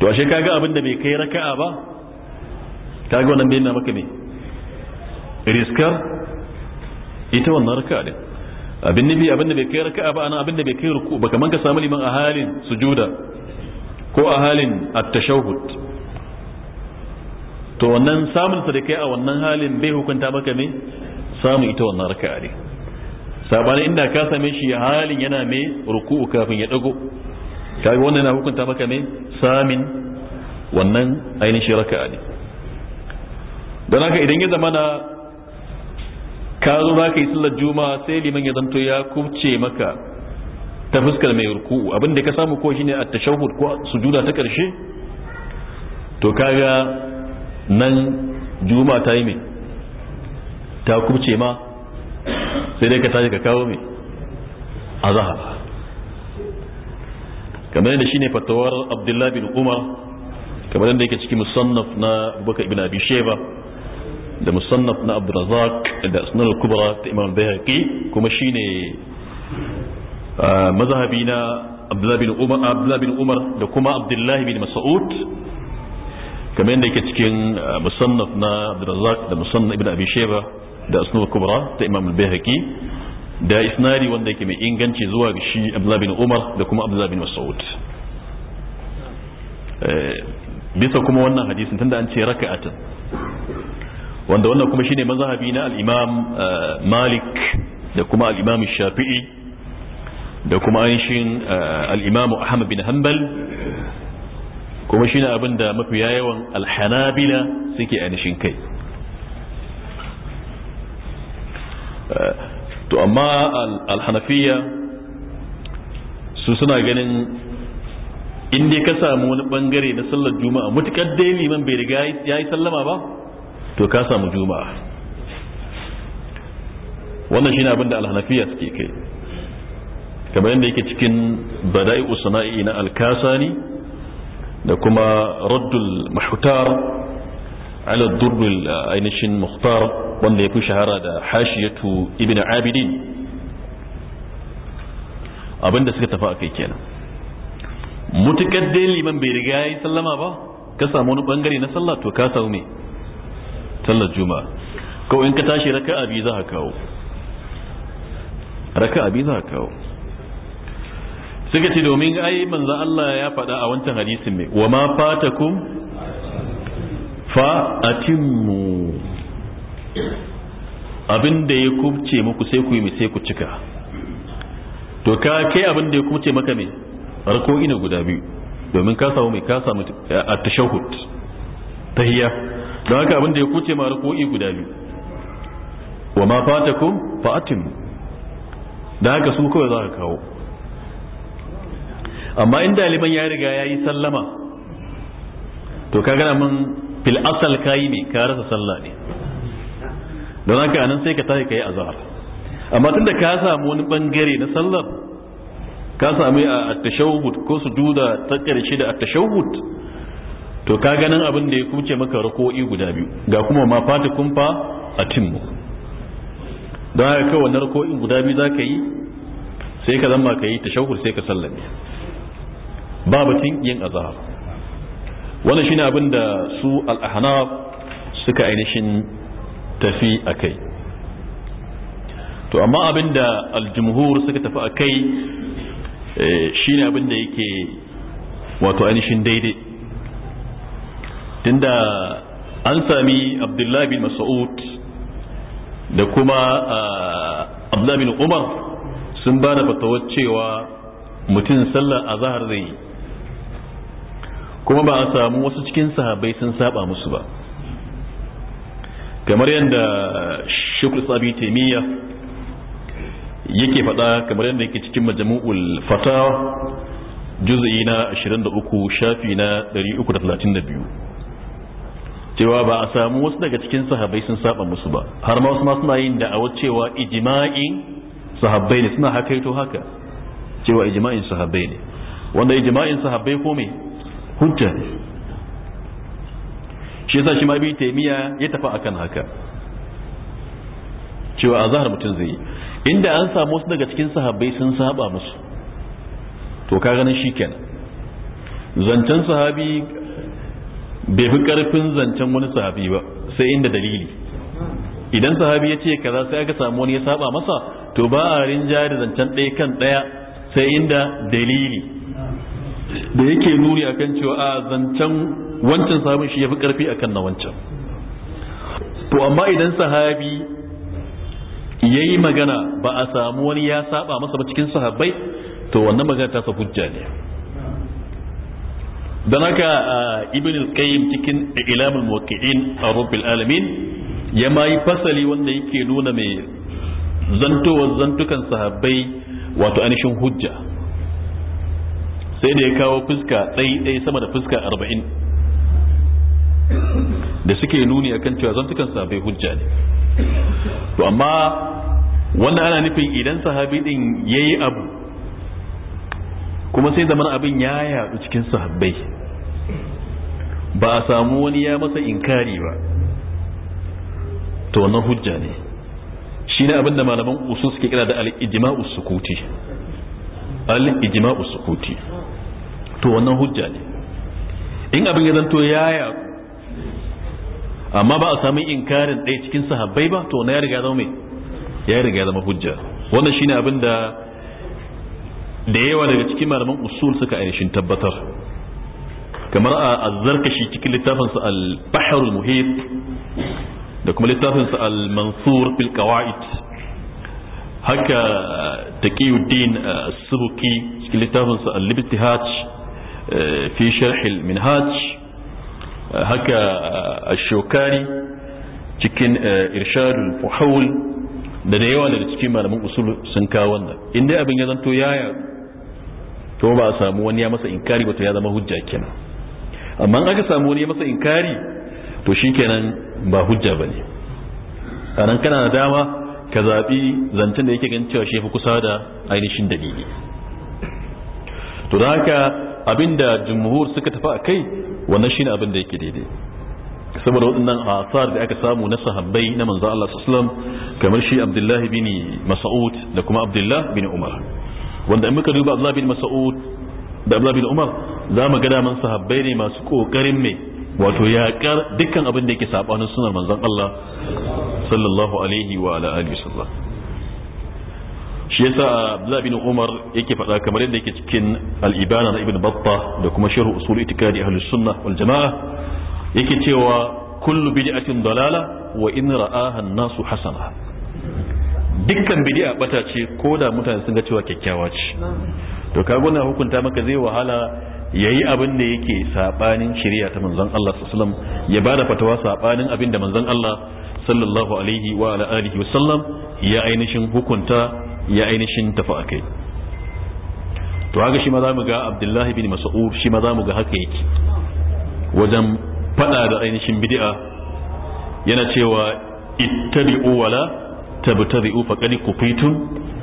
to ashe kaga abin da bai kai raka'a ba kaga wannan bai na maka ne riskar ita wannan raka'a din abin nabi abin da bai kai raka'a ba ana abin da bai kai ruku ba kaman ka samu liman a halin sujuda ko a halin at-tashahhud to wannan samun sa da kai a wannan halin bai hukunta maka ne samu ita wannan raka'a din sabanin inda ka same shi halin yana mai ruku'u kafin ya dago kai wannan na hukunta maka mai samin wannan ainihin raka'a ne don haka idan ya zamana ka zo za ka yi sallar juma'a sai liman ya zanto ya kubce maka ta fuskar mai ruku'u abin da ka samu ko shine at-tashahhud ko sujuda ta karshe to kaga nan juma'a ta yi mai ta kubce ma sai dai ka tashi ka kawo mai azhar kamar yadda shine fatawar abdullahi bin umar kamar yadda yake cikin musannaf na abubakar ibn abi sheba da musannaf na abdurrazak da asnar kubra ta imam bayhaqi kuma shine mazhabi na abdullahi bin umar abdullahi bin umar da kuma abdullahi bin mas'ud kamar yadda yake cikin musannaf na abdurrazak da musannaf ibn abi sheba da asnul kubra ta imam al-bayhaqi da isnari wanda yake mai inganci zuwa ga shi abdullah bin umar da kuma abdullah bin mas'ud eh, bisa kuma wannan hadisin tunda an ce raka'atan wanda wannan kuma shine mazhabi na al-imam eh, malik da kuma al-imam shafi'i da kuma ainihin eh, al-imam ahmad bin hanbal kuma shine abin da mafiya yawan al-hanabila suke ainihin kai Eh, to amma alhanafiya su suna ganin in ka samu wani bangare na sallar juma'a mutukar dai liman bai riga ya yi sallama ba to ka samu juma'a wannan shine abin da alhanafiya suke kai kamar yadda yake cikin bada'i usana'i na alkasani da kuma raddul muhtar ala durrul ainihin muhtar wanda ya fi shahara da hashiyatu ibn abidin abinda suka tafi a kai kenan mutukar dai liman bai riga ya yi sallama ba ka samu wani bangare na sallah to ka samu ne sallar juma'a ko in ka tashi raka abi za ka kawo raka abi za ka kawo suka ce domin ai manzo Allah ya faɗa a wancan hadisin mai wa ma fatakum fa atimmu abin da ya kubce muku sai ku yi sai ku cika to ka kai abin da ya kubce maka ne rako ina guda biyu domin ka samu mai ka samu eh, a tashahud tahiyya don haka abin da ya kubce ma rako'i guda biyu wa ma fatakum fa atimmu don haka su kawai za ka kawo amma in daliban ya riga ya yi sallama to ka gana mun fil asal kayi ne ka rasa sallah ne don haka anan sai ka tashi kai azhar amma tunda ka samu wani bangare na sallar ka samu a tashawud ko sujuda ta karshe da tashahud to ka ganin abin da ya kuce maka rako'i guda biyu ga kuma ma fata kumfa a timmu don haka kawai na rako'i guda biyu za ka yi sai ka zama ka yi tashawud sai ka sallame ba batun yin azhar wannan shine abin da su al-ahnaf suka ainihin tafi a kai to amma abin da al-jumhur suka tafi a kai eh, shine abin da yake wato ainihin daidai tunda an sami abdullahi bin mas'ud da kuma eh, abdullahi bin umar sun ba da cewa mutum sallar zahar zai yi kuma ba a samu wasu cikin sahabbai sun saba musu ba kamar yadda shukul sabi taimiyya yake faɗa kamar yadda yake cikin majamu'ul fatawa juzayi na 23 shafi na 332 cewa ba a samu wasu daga cikin sahabbai sun saba musu ba har ma wasu ma suna yin da'awar cewa ijima'in sahabbai ne suna haka hakaito haka cewa ijima'in sahabbai ne wanda ijima'in sahabbai ko me hujja ne shi yasa shi ma bi taimiya ya tafi akan haka cewa a zahar mutum zai yi inda an samu su daga cikin sahabbai sun saba musu to ka ganin shi kenan zancen sahabi bai fi karfin zancen wani sahabi ba sai inda dalili idan sahabi ya ce kaza sai aka samu wani ya saba masa to ba a rinjaya da zancen ɗaya kan ɗaya sai inda dalili da yake nuni akan cewa a zancen wancan sahabin shi ya fi karfi kan na wancan to amma idan sahabi ya yi magana ba a samu wani ya saba masa ba cikin sahabbai to wannan magana ta hujja ne dan haka ibn al-qayyim cikin ilamul muwaqqi'in a rabbil alamin ya ma yi fasali wanda yake nuna mai zantowar zantukan sahabbai wato anishin hujja sai da ya kawo fuska ɗai sama da fuska arba'in da suke nuni akan cewa zantukan sahabai hujja ne to amma wannan ana nufin idan sahabi din ya yi abu kuma sai zaman abin ya yaɗu cikin sahabbai ba a samu wani ya masa inkari ba to wannan hujja ne shi ne abinda malaman usul suke kira da al-ijma'u sukuti al to wannan hujja ne in abin ya zanto ya yaku amma ba a samu inkarin ɗaya cikin sahabbai ba to na ya riga zama mai ya riga zama hujja wannan shine abin da da yawa daga cikin malaman usul suka ainihin tabbatar kamar a azzarkashi cikin littafinsa al-bahrul muhit da kuma littafinsa al-mansur fil qawaid haka taqiyuddin as-subuki eh, cikin littafinsa al-ibtihaj في شرح المنهاج haka الشوكاني cikin irshadul fuhawul da da yawa daga cikin malaman usul sun kawo wannan inda abin ya zanto ya to ba a samu wani ya masa inkari ba to ya zama hujja kenan amma aka samu wani ya masa inkari to shikenan ba hujja ba bane anan kana da dama ka zaɓi zancen da yake ganin cewa shi fi kusa da ainihin dalili to da haka abinda jumhur suka tafi a kai wannan shine abin da yake daidai saboda waɗannan asar da aka samu na sahabbai na manzo Allah sallallahu kamar shi Abdullah bin Mas'ud da kuma Abdullah bin Umar wanda in muka duba Abdullah bin Mas'ud da Abdullah bin Umar za mu ga daman sahabbai ne masu kokarin me? wato yaƙar dukkan abin da yake sabanin sunar manzon Allah sallallahu alaihi wa ala alihi wasallam shi yasa Abdullahi bin Umar yake faɗa kamar yadda yake cikin al na Ibn Battah da kuma sharh usul itikadi ahlus sunnah wal jamaa yake cewa kullu bid'atin dalala wa in ra'aha an-nasu hasana dukkan bid'a bata ce ko da mutane sun ga cewa kyakkyawa ce to kaga gona hukunta maka zai wahala yayi abin da yake sabanin shari'a ta manzon Allah sallallahu alaihi wasallam ya bada fatawa sabanin abin da manzon Allah sallallahu alaihi wa alihi wasallam ya ainihin hukunta ya ainihin tafi a kai to haka shi ma za mu ga abdullahi bin mas'ud shi ma za mu ga haka yake wajen fada da ainihin bid'a yana cewa ittabi'u wala tabtadi'u faqad kufitum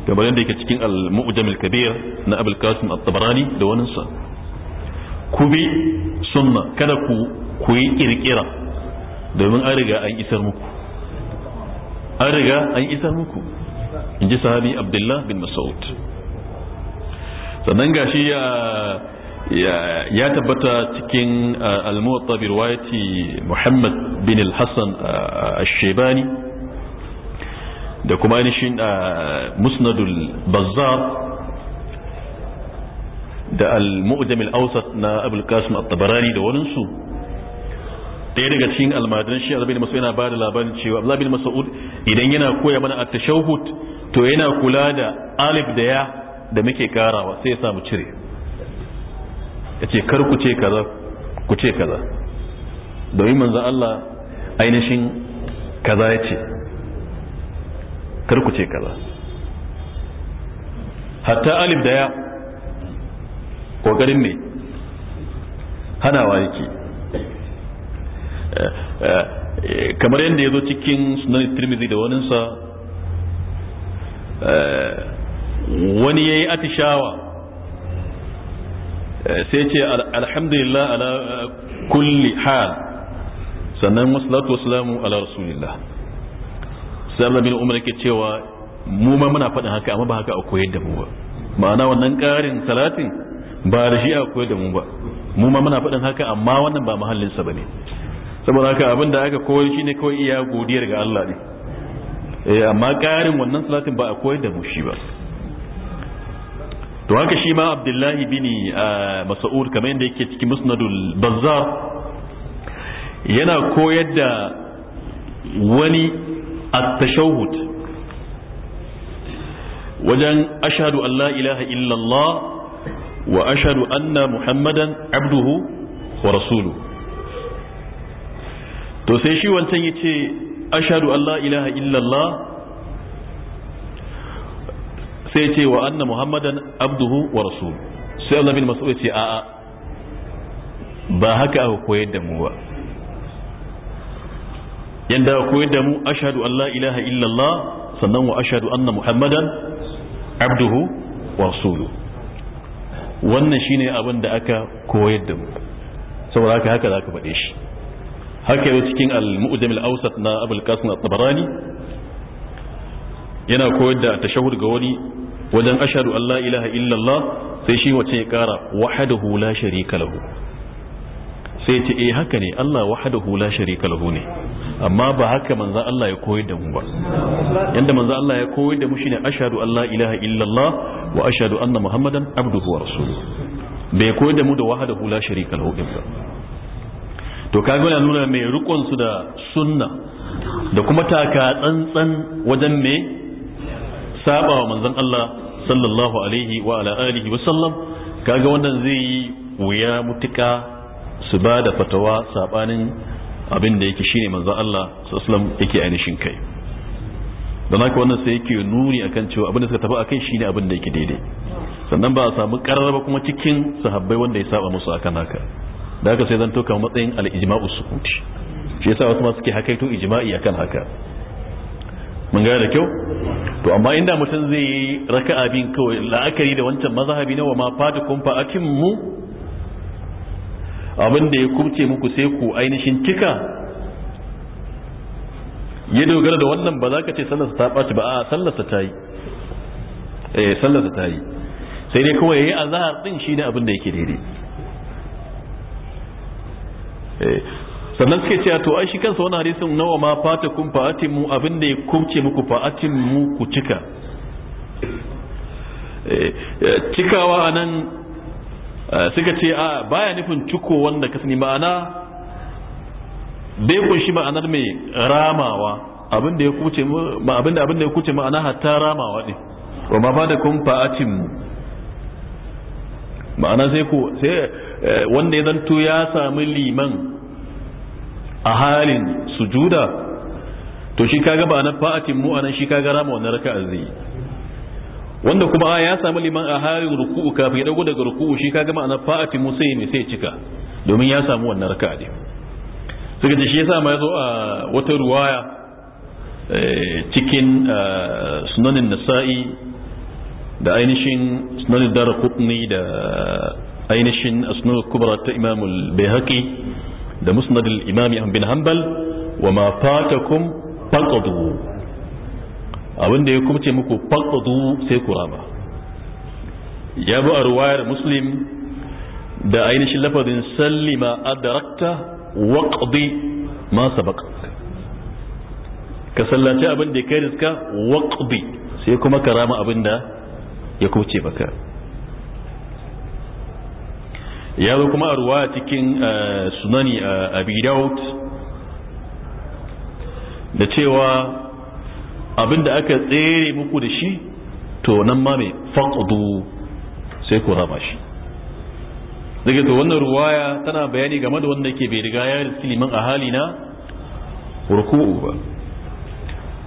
kamar yadda yake cikin al-mu'jam al-kabir na abul qasim at-tabarani da wannan sa ku bi sunna kada ku ku yi kirkira domin an riga an isar muku an riga an isar muku in ji sahabi abdullah bin mas'ud sannan gashi ya ya tabbata cikin uh, al-muwatta bi riwayati muhammad bin al-hasan uh, ash-shaybani da kuma uh, musnad musnadul bazzar da al-mu'jam al-awsat na abul qasim at-tabarani da su daya daga cikin almajiran shi abdullahi masu yana ba da labarin cewa abdullahi bin UD idan yana koya mana a tashahud to yana kula da alif da ya da muke karawa sai ya samu cire yace kar ku ce kaza ku ce kaza domin manzo Allah ainihin kaza ya ce kar ku ce kaza hatta alif da ya kokarin ne hanawa yake kamar yadda ya zo cikin sunan tirmidhi da waninsa wani ya yi atishawa sai ce alhamdulillah ala kulli hal sannan wasu wasalamu ala rasulillah sai bin umar ke cewa mu ma muna faɗin haka amma ba haka a koyar da mu ba ma'ana wannan ƙarin salatin ba da shi a koyar da mu ba mu ma muna faɗin haka amma wannan ba mahallinsa ba ne saboda haka abin da aka koyar shi ne kawai iya godiyar ga Allah ne eh, amma ƙarin wannan salatin ba a koyar da mu shi ba to haka shi ma abdullahi bin ah, mas'ud kamar yadda yake cikin musnadul bazzar yana koyar da wani at-tashahhud wajen ashadu Allah ilaha illallah wa ashadu anna muhammadan abduhu wa rasuluhu to sai shi wancan ya ce ashadu Allah ilaha illallah sai ce wa anna muhammadan abduhu wa rasul sai Allah bin masu ce a'a ba haka aka koyar da mu ba yanda aka koyar da mu ashadu Allah ilaha illallah sannan wa ashadu anna muhammadan abduhu wa rasulu wannan shine abin da aka koyar da mu saboda haka haka za ka faɗe shi haka yau cikin al-mu'jam al-awsat na abul qasim at-tabarani yana koyar da tashahhud ga wani wajen ashhadu an la ilaha illallah sai shi wace ya kara wahdahu la sharika lahu sai ce eh haka ne Allah wahdahu la sharika lahu ne amma ba haka manzo Allah ya koyar da mu ba yanda manzo Allah ya koyar da mu shine ashhadu an la ilaha illallah wa ashhadu anna muhammadan abduhu wa rasuluhu bai koyar da mu da wahdahu la sharika lahu din ba to kaga yana nuna mai rukunsu su da sunna da kuma taka tsantsan wajen me saba wa manzon Allah sallallahu alaihi wa ala alihi wa sallam kaga wannan zai yi wuya mutuka su ba da fatawa sabanin abin da yake shine manzon Allah sallallahu alaihi wa sallam yake ainihin kai don haka wannan sai yake nuni akan cewa abin da suka tafi shi shine abin da yake daidai sannan ba a samu karar ba kuma cikin sahabbai wanda ya saba musu akan haka da haka sai zanto kamar matsayin al-ijma'u sukuti shi yasa wasu ma suke hakaito ijma'i akan haka mun gane da kyau to amma inda mutum zai yi raka'a bin kawai la'akari da wancan mazhabi na wa ma fatukum fa mu abin da ya kubce muku sai ku ainihin kika? ya dogara da wannan ba za ka ce sallarsa ta ɓaci ba a sallarsa ta yi eh sallarsa ta yi sai dai kawai yayi azhar din ne abin da yake daidai Eh, sannan suke cewa to ai shi kansa wani hadisin nawa ma fata kun fa'atin mu abin da ya kubce muku fa'atin mu ku cika eh, eh, cikawa a nan suka ce a baya nufin ciko wanda ka sani ma'ana bai kunshi ma'anar mai ramawa abin da ya kuce abin da ya kuce ma'ana hatta ramawa ne wa ma fata kun fa'atin mu ma'ana sai ku sai wanda ya zanto ya sami liman a halin sujuda to shi kaga ba nan fa'atin mu anan shi kaga rama wannan raka'a zai wanda kuma ya samu liman a halin ruku'u kafin ya dago daga ruku'u shi kaga ma'anar fa'atin mu sai ne sai cika domin ya samu wannan raka'a ne suka ce shi yasa ma yazo a wata ruwaya eh, cikin eh, sunanin nasa'i da ainihin sunanin darakutni da ainihin sunanin kubra ta imamul bayhaqi da musnad al-imami bin hanbal wa ma fatakum faqadu abin da ya kumce muku faqadu sai ku rama ya bu a ruwayar muslim da ainihin lafazin sallima adarakta waqdi ma sabaq ka sallace abin da ya kai riska waqdi sai kuma ka rama abin da ya kuce baka ya zo kuma a ruwa cikin eh, sunani eh, a bidawut da cewa abinda aka tsere muku da shi to nan ma mai faƙudu sai ku rama shi daga to wannan ruwaya tana bayani game da wanda ke bai riga ya riski liman a hali na ruku'u ba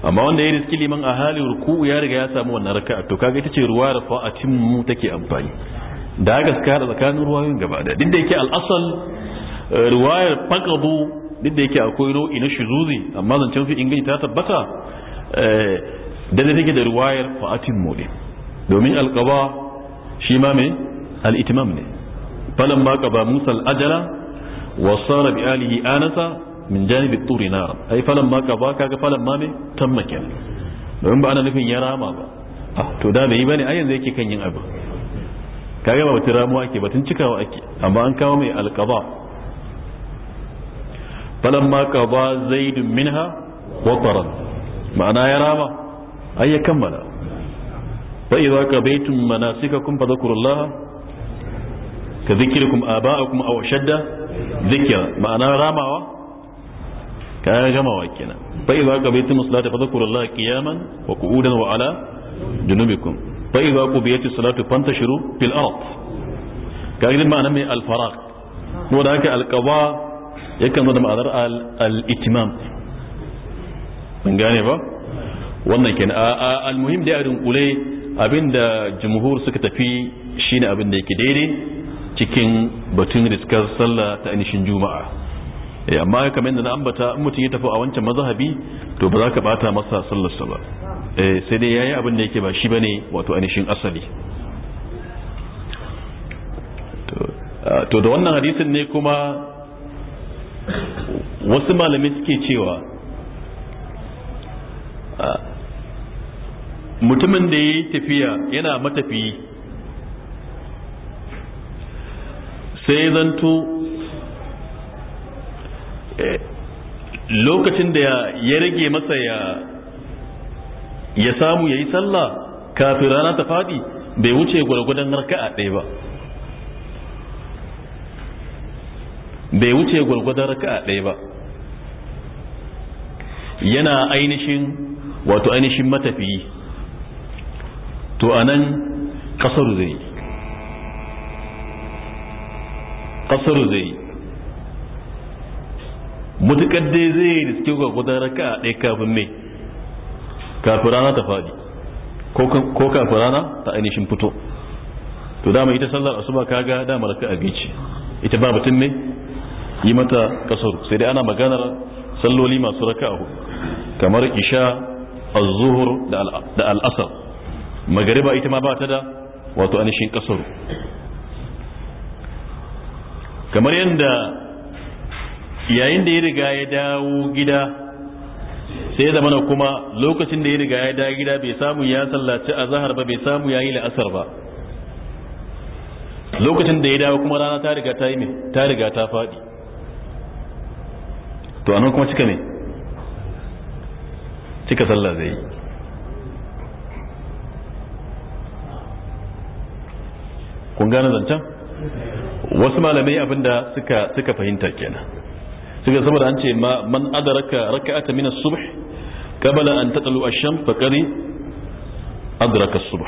amma wanda ya riski liman a hali ruku'u ya riga ya samu wannan raka'a to kaga ita ce ruwa da fa'atin mu take amfani da haka suka hada tsakanin ruwayoyin gaba daya duk da yake al'asal eh, ruwayar faqadu duk da yake akwai nau'i na shuzuzi amma zancen fi inganci ta tabbata da eh, da take da ruwayar fa'atin mole domin alqaba shi ma mai al'itimam itimam ne falan ma qaba musa al-ajala wa sara bi alihi anasa min janibi turi nara ai falan ma qaba kaga falan ma me tamma kenan domin ba ana nufin ya rama ba ah, to da bai yi ba ne ai yanzu yake kan yin abu kaga ba batun ramuwa ake batun cikawa ake amma an kawo mai alqada falamma qada zaid minha wataran ma'ana ya rama ai ya kammala fa idza qadaytum manasikakum fadhkurullaha ka zikirkum aba'akum aw shadda zikra ma'ana ramawa ka gamawa kenan fa idza qadaytum salata fadhkurullaha qiyaman wa qu'udan wa ala junubikum fa idza qudiyati salatu fantashiru fil ard kaga din ma'anar mai al faraq ko da yakan zo da ma'anar al itimam mun gane ba wannan kenan al muhim da irin kule abinda jumhur suka tafi shine abin da yake daidai cikin batun riskar sallah ta ainihin juma'a eh, amma kamar yadda na ambata in mutum ya tafi a wancan mazhabi to ba za ka bata masa sallarsa ba Eh, sai dai yayi abin da yake ba shi bane wato anishin asali to da wannan hadisin ne kuma wasu malamai suke cewa mutumin da ya yi tafiya yana matafiyi sai zanto eh, lokacin da ya rage masa ya ya samu ya yi sallah kafin rana ta faɗi bai wuce gwargwadon raka'a ɗaya ba bai wuce gwargwadon raka'a ɗaya ba yana ainihin wato ainihin matafiyi to a nan ƙasar zai ƙasar zai mutukar dai zai riske gwargwadon raka'a ɗaya kafin mai kafin ta faɗi ko kafin rana ta ainihin fito to dama ita sallar asuba kaga dama raka a ita ba mutum ne yi mata kasar sai dai ana maganar salloli masu raka hu kamar isha az da al-asr magariba ita ma ba ta da wato anishin kasar kamar yadda yayin da ya riga ya dawo gida sai zama na kuma lokacin da ya riga ya da gida bai samu ya sallaci a zahar ba bai samu ya yi la'asar ba lokacin da ya dawo kuma rana ta riga ta yi mai ta riga ta faɗi to anan kuma cika ne cika sallah zai yi kun gane zancen wasu malamai abinda suka suka fahimta kenan suka saboda an ce man adaraka raka'ata minas subh qabla an tatalu ash-shams faqad adraka as-subh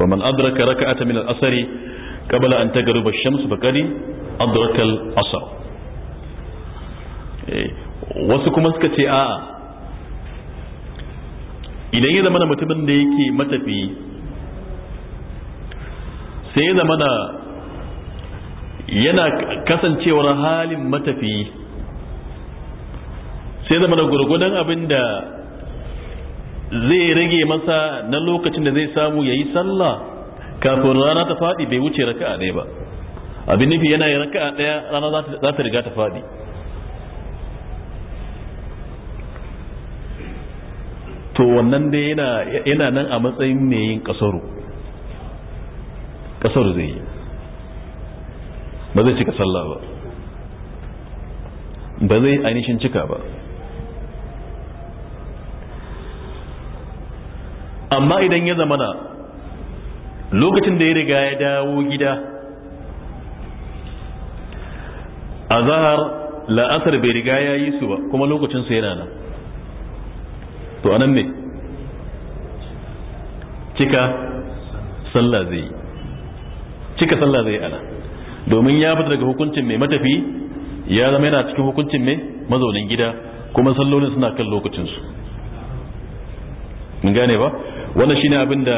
wa man adraka rak'atan min al-asr qabla an taghruba ash-shams faqad adraka al-asr wasu kuma suka ce a'a idan mutumin da yake matafi sai yana kasancewar halin matafi sai zama mana gurgudan abin da zai rage masa na lokacin da zai samu ya yi sallah kafin rana ta faɗi bai wuce a ɗaya ba abin nufi yana yi a ɗaya rana za ta riga ta faɗi to wannan dai yana nan a matsayin mai yin kasaro kasaro zai yi ba zai cika sallah ba ba zai ainihin cika ba amma idan ya zama na lokacin da ya riga ya dawo gida a zahar la'asar bai riga ya yi su ba kuma lokacinsu yana nan to anan ne cika sallah zai cika sallah zai ana domin ya fita daga hukuncin mai matafi ya zama yana cikin hukuncin mai mazaunin gida kuma sallolin suna kan lokacinsu mun gane ba wannan shine abin da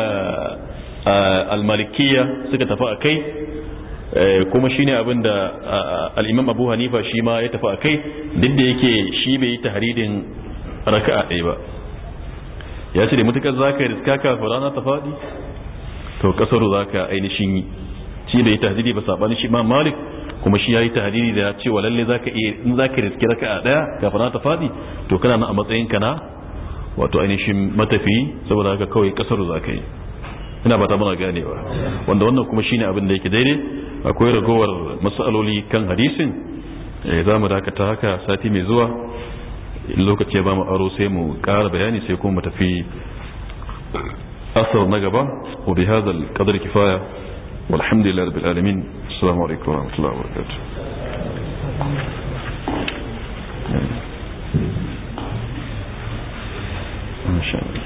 almalikiya suka tafi a kai e, kuma shine abin da al'imam abu hanifa shi ma ya tafi a kai duk da yake shi bai yi tahridin raka'a ɗaya ba ya ce da mutukar za ka riska kafin rana ta faɗi to ƙasar za ka ainihin yi shi bai yi tahdidi ba saɓani shi ma malik kuma shi ya yi tahdidi da ya ce wa lalle za ka riski raka'a ɗaya kafin rana ta faɗi to kana nan a matsayin ka na wato ainihin matafi saboda haka kawai kasar za ka yi ina ba ta muna ganewa wanda wannan kuma shine abin da yake daidai akwai ragowar matsaloli kan hadisin eh, za mu dakata haka sati mai zuwa lokaci ya ba mu aro sai mu ƙara bayani sai kuma mu tafi asar na gaba wa bi hadha al kifaya walhamdulillah rabbil alamin assalamu alaikum wa rahmatullahi wa barakatuh 嗯，是。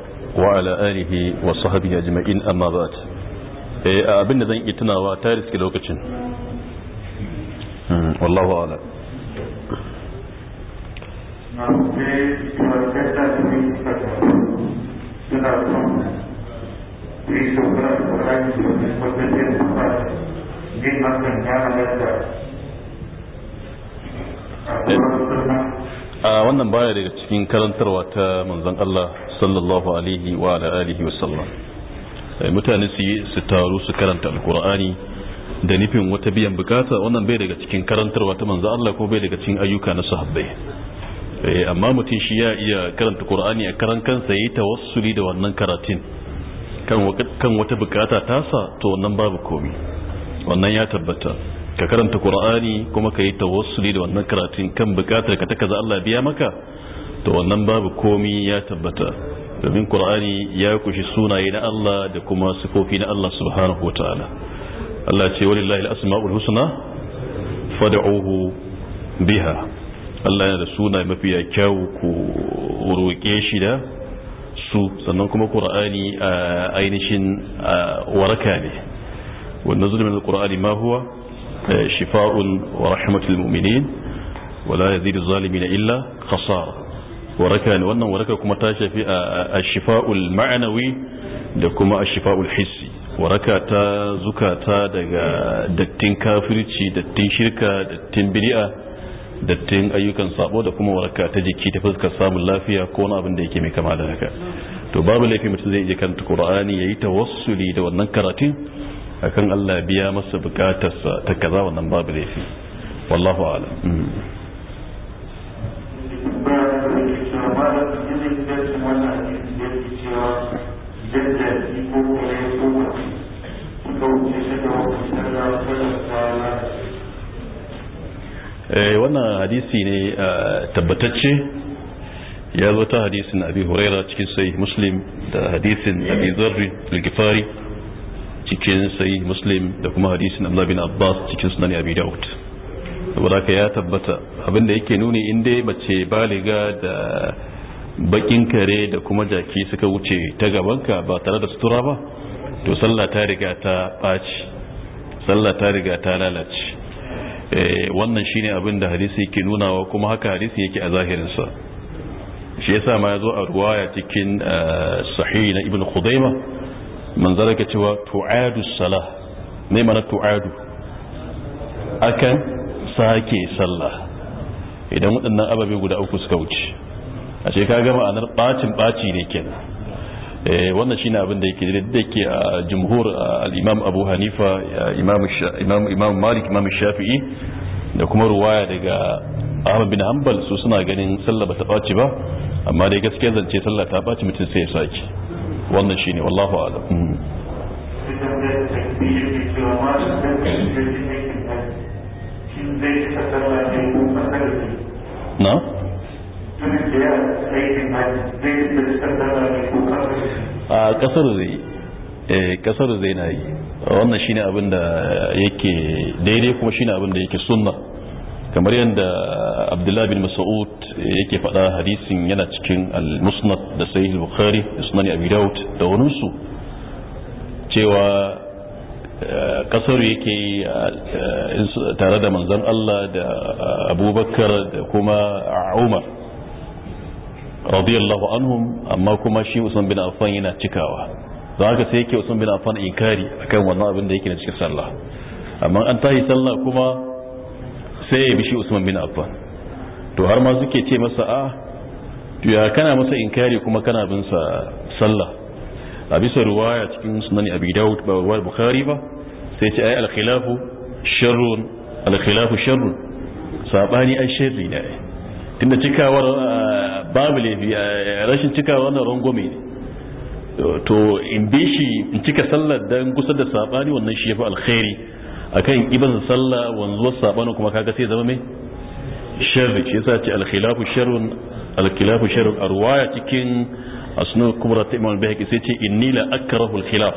wa ala alihi wa sahbihi ajma'in amma ba'd eh abinda zan yi tunawa ta riske lokacin wallahu ala a wannan baya daga cikin karantarwa ta manzan Allah sallallahu alaihi wa alihi wa eh, mutane su su taru su karanta alkur'ani da nufin wata biyan bukata wannan bai daga cikin karantarwa ta manzo Allah ko bai daga cikin ayyuka na sahabbai eh, amma mutum shi ya iya karanta qur'ani a karan kansa yayi tawassuli da wannan karatun kan wata bukata tasa to wannan babu komi wannan ya tabbata ka karanta qur'ani kuma ka yi tawassuli da wannan karatun kan bukatar ka ta kaza Allah biya maka to wannan babu komi ya tabbata domin qur'ani ya kushi sunaye na Allah da kuma sifofi na Allah subhanahu wa Allah ce walillahi al-asma'ul husna fad'uhu biha Allah yana da suna mafiya kyawu ku roƙe shi da su sannan kuma qur'ani ainihin waraka ne wannan zulmin qur'ani ma huwa eh, shifa'un wa rahmatul mu'minin ولا يزيد الظالمين إلا خسارة waraka ne wannan waraka kuma ta shafi a shifa'ul ma'anawi da kuma a shifa'ul hissi waraka ta zukata daga dattin kafirci dattin shirka dattin biri'a dattin ayyukan sabo da kuma waraka ta jiki ta fuskar samun lafiya ko wani abin da yake mai kama da haka to babu laifi mutum zai je karanta qur'ani yayi tawassuli da wannan karatun akan Allah biya masa bukatarsa ta kaza wannan babu laifi wallahu a'lam mm. wannan hadisi cewa da wuce eh, wannan hadisi ne eh, tabbatacce ya zo ta hadisin abi huraira cikin sai muslim da hadisin abi zarri al-gifari cikin sai muslim da kuma hadisin abdullah bin abbas cikin sunan abi daud saboda ka ya tabbata abinda yake nuni in dai mace baliga da bakin kare da kuma jaki suka wuce ta gabanka ba tare da sutura ba to sallah ta riga ta ɓaci sallah ta riga ta lalace eh, wannan shine abin da hadisi yake nunawa kuma haka hadisi yake a zahirinsa shi yasa ma ya zo a ruwaya cikin eh, sahih na ibn khudaima man zaraka cewa tu'adu salah ne mana tu'adu akan sake sallah idan waɗannan ababe guda uku suka wuce ce ka gama anar bacin baci ne nan eh, wannan shine abin da yake da yake a jimhur al'imam Abu Hanifa imam imam Malik imam Shafi'i da kuma ruwaya daga Ahmad bin Hanbal su suna ganin sallah ba ta baci ba amma dai gaske zance sallah ta baci mutum sai ya saki wannan shi ne wallahu a'lam mm-hmm. na kasar a kasar zai eh, kasar zai na yi wannan shine abin da yake daidai kuma shine abin da yake sunna kamar yadda abdullahi bin mas'ud yake faɗa hadisin yana cikin al-musnad da sahih bukhari da sunan abi daud da waninsu cewa eh, kasar yake eh, tare da manzon Allah da abubakar da kuma a umar radiyallahu anhum amma kuma shi usman bin affan yana cikawa don haka sai yake usman bin affan inkari akan wannan abin da yake na cikin sallah amma an tahi sallah kuma sai ya bi shi usman bin affan to har ma suke ce masa a ah, to ya kana masa inkari kuma kana bin sa sallah a bisa ruwaya cikin sunan abi daud ba ruwaya bukhari ba sai ce ai al-khilafu sharrun al-khilafu sharrun sabani ai sharri ne tunda cikawar ah, babu laifi ah, rashin cikawar na rangwame ne to in bi shi in cika sallar dan kusa da sabani wannan shi yafi alkhairi akan ibn sallah wanzuwar sabani kuma kaga sai zama mai sharri shi yasa ce alkhilafu sharrun alkhilafu sharrun arwaya cikin asnu kubra ta imam bihaki sai ce inni la akrahu alkhilaf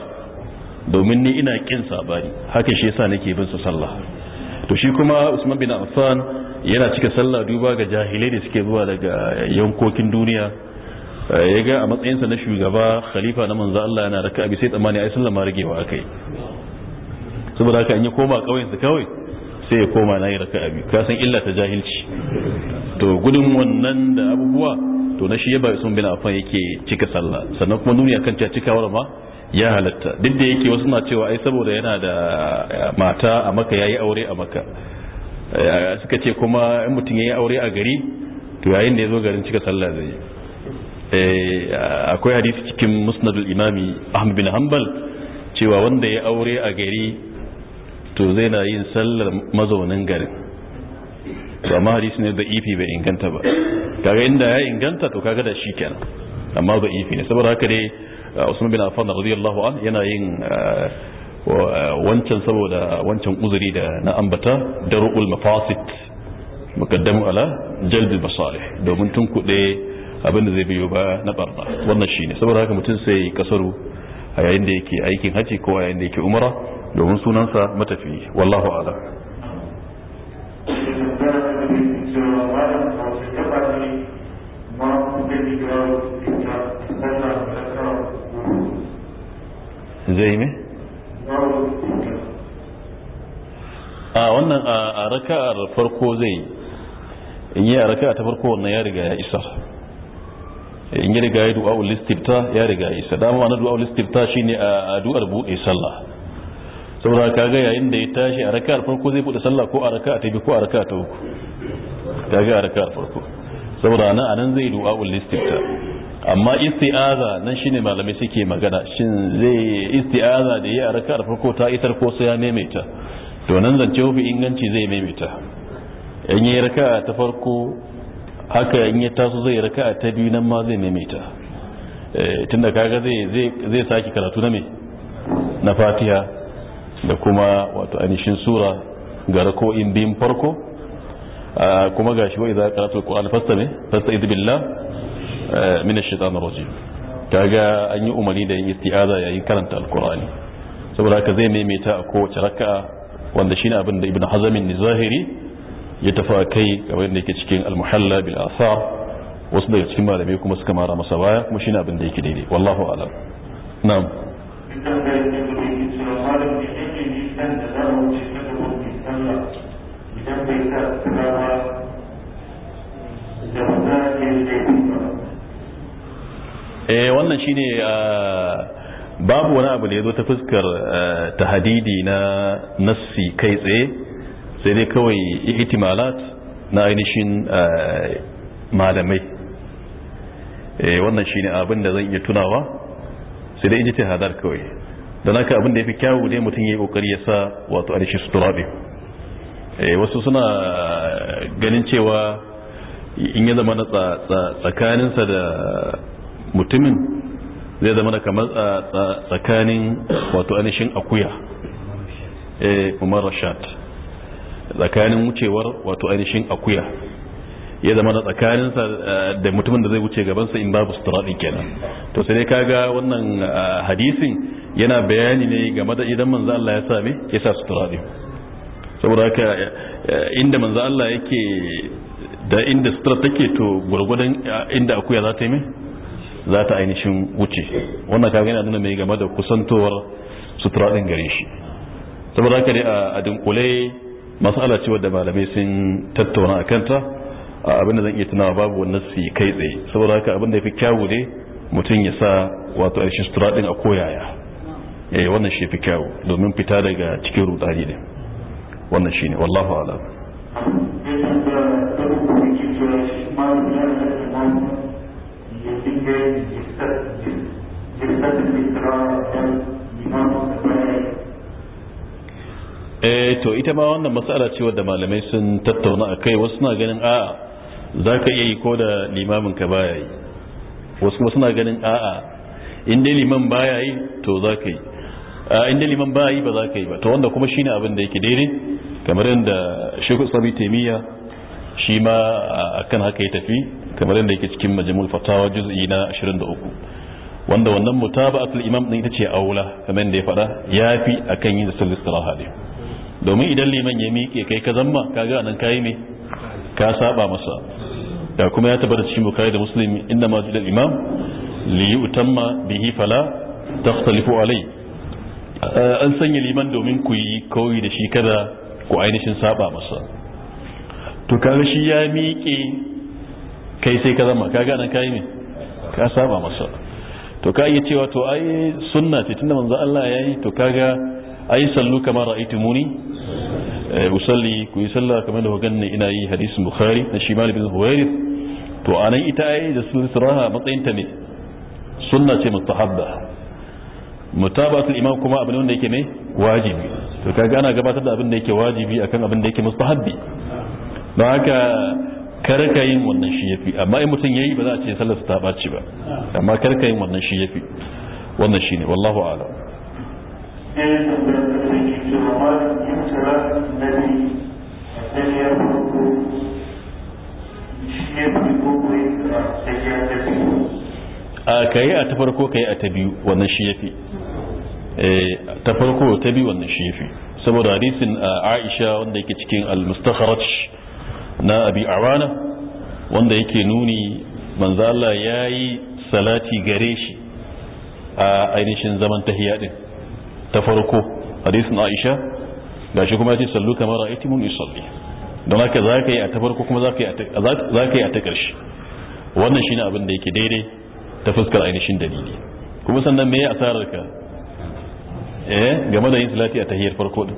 domin ni ina kin sabani haka shi yasa nake bin sallah to shi kuma usman bin affan yana cika sallah duba ga jahilai da suke zuwa daga yankokin duniya eh, ya ga a matsayinsa na shugaba khalifa na manzo Allah yana raka abi sai tsammani ai sallama ragewa akai saboda haka an yi koma sa kawai sai ya koma nayi raka abi ka san illa ta jahilci to gudun wannan da abubuwa to na shi ya bai sun bin afan yake cika sallah sannan kuma duniya kan ta cikawar ma ya halatta duk da yake wasu na cewa ai saboda yana da eh, mata a maka yayi aure a maka suka ce kuma in mutum ya yi aure a gari to yayin da ya zo garin cika sallah zai yi eh, akwai hadisi cikin musnadul imami ahmad bin hanbal cewa wanda ya aure a gari to zai na yin sallar mazaunin garin to amma hadisi ne da ifi bai inganta ba kaga inda ya inganta to kaga da shi kenan amma ba ifi ne saboda haka dai usman bin affan radiyallahu an yana yin eh, wancan saboda wancan uzuri da na ambata daru'ul mafasit mukaddamu ala jalbil basalih domin tun kuɗe abinda zai biyo ba na barna wannan shine saboda haka mutum sai kasaru a yayin da yake aikin haji ko a yayin da yake umara domin sunansa matafi wallahu a'lam zai me? a wannan a raka'ar farko zai in yi a raka'a ta farko wannan ya riga ya isa in yi riga ya du'a ulistifta ya riga ya isa dama wani du'a ulistifta shine a du'ar buɗe sallah saboda kaga yayin da ya tashi a raka'ar farko zai buɗe sallah ko a raka'a ta biyu ko a raka'a ta uku ga a raka'ar farko saboda nan anan zai du'a ulistifta amma isti'aza nan shine malamai suke magana shin zai isti'aza da yi a raka'ar farko ta itar ko sai ya ta? to nan zance mafi inganci zai maimaita in yi raka'a ta farko haka in ya taso zai raka'a ta biyu nan ma zai maimaita eh, tunda kaga zai sake saki karatu na me na fatiha da kuma wato anishin sura ga rako'in biyun farko ah, kuma ga gashi wa idza qara'tu al-qur'an fastami fasta'id billah min ash roji rajim kaga an yi umarni da yin isti'aza yayin karanta al-qur'ani saboda haka zai maimaita a kowace raka'a wanda shine abin da ibn hazamin zahiri ya tafa kai kamar da yake cikin al-muhalla bil asar wasu daga cikin malamai kuma suka mara masa baya kuma shine abin da yake daidai wallahu alam na'am eh wannan shine ah, babu wani abu da ya zo ta fuskar eh, tahadidi na nassi kai tsaye sai dai kawai ihtimalat na ainihin eh, malamai eh, wannan shine abin da zan iya tunawa sai dai inji hadar kawai don haka abin da ya fi kyawu ne mutum ya yi kokari ya sa wato ainihin suturabi wasu suna ganin cewa in ya zama na tsakaninsa da mutumin zai zama da kamar tsakanin wato anishin akuya eh, umar rashad tsakanin wucewar wato anishin akuya ya zama da tsakaninsa da mutumin da zai wuce gabansa in babu suturadi kenan to sai dai kaga wannan hadisin yana bayani ne game da idan manzo Allah ya same ya sa suturadi saboda haka inda manzo Allah yake da inda sutura take to gurgudan inda akuya za ta yi mai za ta ainihin wuce wannan kaga yana nuna mai game da kusantowar sutura din gare shi saboda haka ne a dunkule masala ce wadda malamai sun tattauna a kanta abinda zan iya tunawa babu wannan su kai tsaye saboda haka abinda ya fi kyawu ne mutum ya sa wato ainihin sutura din a koyaya eh wannan shi fi kyawu domin fita daga cikin rudani ne wannan shi ne wallahu a'lam جسد جسد eh to ita ma wannan matsala ce wadda malamai sun tattauna a kai wasu na ganin a'a za ka iya yi ko da limamin ka baya yi wasu kuma suna ganin a'a inda liman baya yi to za ka yi a inda liman baya yi ba za ka yi ba to wanda kuma shine abin da yake daidai kamar yadda shekul sami taimiyya shi ma akan haka ya tafi kamar yadda yake cikin majmul fatawa juz'i na 23 wanda wannan mutaba'atul imam din ita ce aula kamar yadda ya faɗa yafi akan yin sallar istiraha ne domin idan liman ya miƙe kai ka zamma kaga anan kai me ka saba masa da kuma ya tabbata cikin bukari da muslimi inda ma jidal imam li yutamma bihi fala takhtalifu alai eh, an sanya liman domin ku yi koyi da shi kada ku ainihin saba masa to kaga shi ya miƙe kai sai ka zama kaga nan kai ne ka saba masa to ka iya cewa to ai sunna ce tunda manzo Allah yayi to kaga ai sallu kama ra'aytumuni eh, usalli ku yi sallah kamar da waganni ina yi hadisin bukhari na shimal bin huwairith to anan ita ai da sun siraha matsayin ta ne sunna ce mustahabba mutabatu imam kuma abin wanda yake ne wajibi to kaga ana gabatar da abin da yake wajibi akan abin da yake mustahabbi don haka karka yin wannan shi yafi amma in mutum yayi ba za a ce sallar ta baci ba amma karka yin wannan shi yafi wannan shi ne wallahu a'lam a kai a ta farko kai a ta biyu wannan shi yafi eh, ta farko ta biyu wannan shi yafi saboda hadisin aisha wanda yake cikin al-mustakharaj na abi awana wanda yake nuni manzo Allah yayi salati gare shi a ainihin zaman tahiyya din ta farko hadisin Aisha shi kuma yace sallu kamar ra'aytumun yusalli don haka zaka yi a ta farko kuma zaka yi yi a ta karshe wannan shine abin da yake daidai ta fuskar ainihin dalili kuma sannan me ya asarar ka eh game da yin salati a tahiyar farko din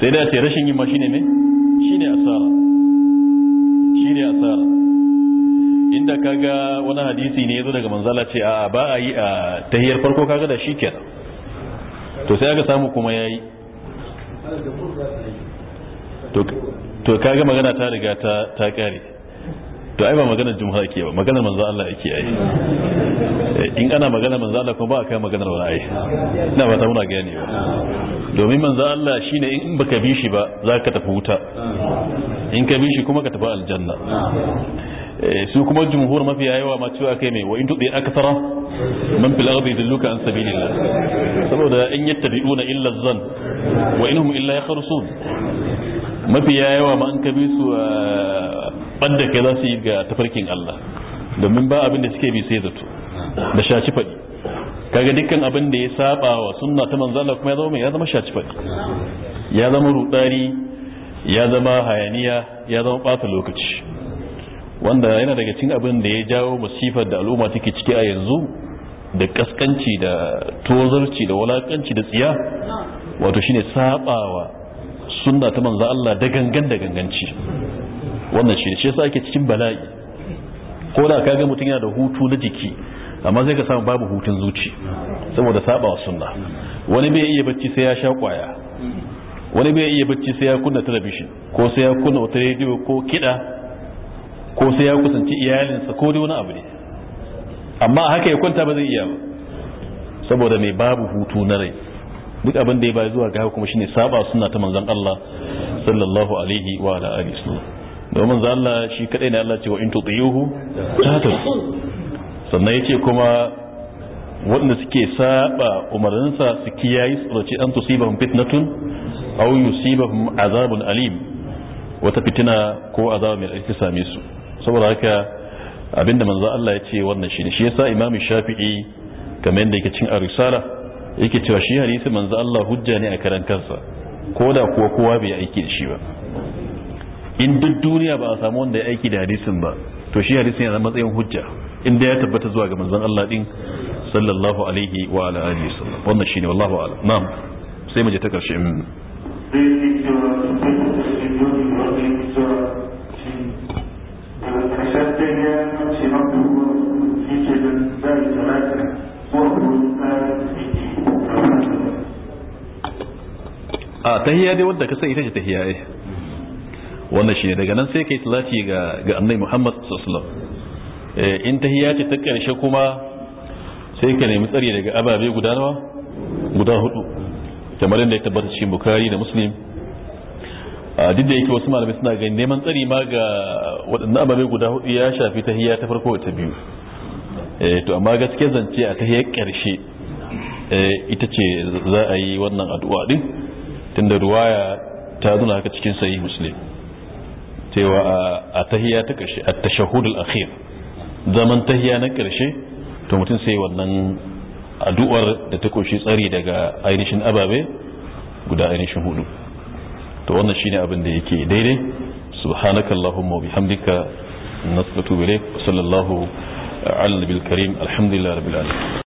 sai da ce rashin yin ma shine ne shine asara kaga wani hadisi ne yazo daga manzala ce a ba a yi a tahiyar farko kaga da shi kenan to sai aka samu kuma yayi to to kaga magana ta riga ta ta kare to ai ba maganar jumhur ake ba maganar manzo Allah yake ai eh, in ana maganar manzo Allah kuma ba kai maganar a'i. ina ba ta muna gane ba domin manzo Allah shine in baka bi shi ba zaka tafi wuta in ka bi shi kuma ka tafi aljanna Eh, su kuma jumhur mafi yawa ma cewa kai mai wa in aka tara man fil ardi dilluka an sabilillah saboda in yattabi'una illa zan wa inhum illa yakhrusun mafi yawa ma an kabi su banda ah, kai za su yi ga tafarkin Allah domin ba abin da suke bi sai zato da shaci fadi kaga dukkan abin da ya saba wa sunna ta manzo Allah kuma ya zama ya zama shaci fadi ya zama rudari ya zama hayaniya ya zama ɓata lokaci wanda yana daga cikin abin da ya jawo musifar da al'umma take ciki a yanzu da kaskanci da tozarci da walakanci da tsiya wato shine sabawa sunna ta manzo Allah da gangan da ganganci wannan shi shi yasa ake cikin bala'i ko da kaga mutum yana da hutu na jiki amma sai ka samu babu hutun zuci saboda sabawa sunna wani bai iya bacci sai ya sha kwaya wani bai iya bacci sai ya kunna talabishin ko sai ya kunna wata rediyo ko kiɗa ko sai ya kusanci iyalinsa ko dai wani abu ne amma a haka ya kwanta ba zai iya ba saboda mai babu hutu na rai duk abin da ya ba zuwa ga kuma shine saba suna ta manzon Allah sallallahu alaihi wa ala alihi sallam domin za Allah shi kadai ne Allah ce wa in tuqiyuhu tatu sannan yace kuma waɗanda suke saba umarninsa su kiyaye ce an tusibahum fitnatun aw yusibahum azabun alim wata fitina ko azaba mai aiki same su saboda haka abinda manzo Allah ya ce wannan shi ne shi yasa Imam Shafi'i kamar yadda yake cin arisala yake cewa shi hadisi manzo Allah hujja ne a karan kansa ko da kuwa kowa bai aiki da shi ba in duk duniya ba a samu wanda ya aiki da hadisin ba to shi hadisin yana matsayin hujja inda ya tabbata zuwa ga manzo Allah din sallallahu alaihi wa ala alihi wasallam wannan shine wallahu a'lam na'am sai mu je ta karshe hmm. الله في ربه tahiyya dai wadda ka sai ita ce tahiyya ai eh. wannan shine daga nan sai kai salati ga ga annabi Muhammad sallallahu alaihi wasallam eh, in tahiyya ce ta karshe kuma sai ka nemi tsari daga ababe guda nawa guda hudu kamar yadda ya tabbata cikin Bukhari da Muslim duk da yake wasu malamai suna ganin neman tsari ma ga waɗannan ababe guda hudu ya shafi tahiyya ta farko ta biyu eh, to amma gaske zance a tahiyyar ƙarshe eh, ita ce za a yi wannan addu'a din tunda ruwaya ta zuna haka cikin sayi muslim cewa a tahiyya ta ƙarshe a tashahudul akhir zaman tahiya na ƙarshe to mutum sai wannan addu'ar da ta koshi tsari daga ainihin ababe guda ainihin hudu to wannan shine abin da yake daidai subhanakallahumma wa bihamdika nasbatu bilayk sallallahu ala nabiyil karim alhamdulillahi rabbil alamin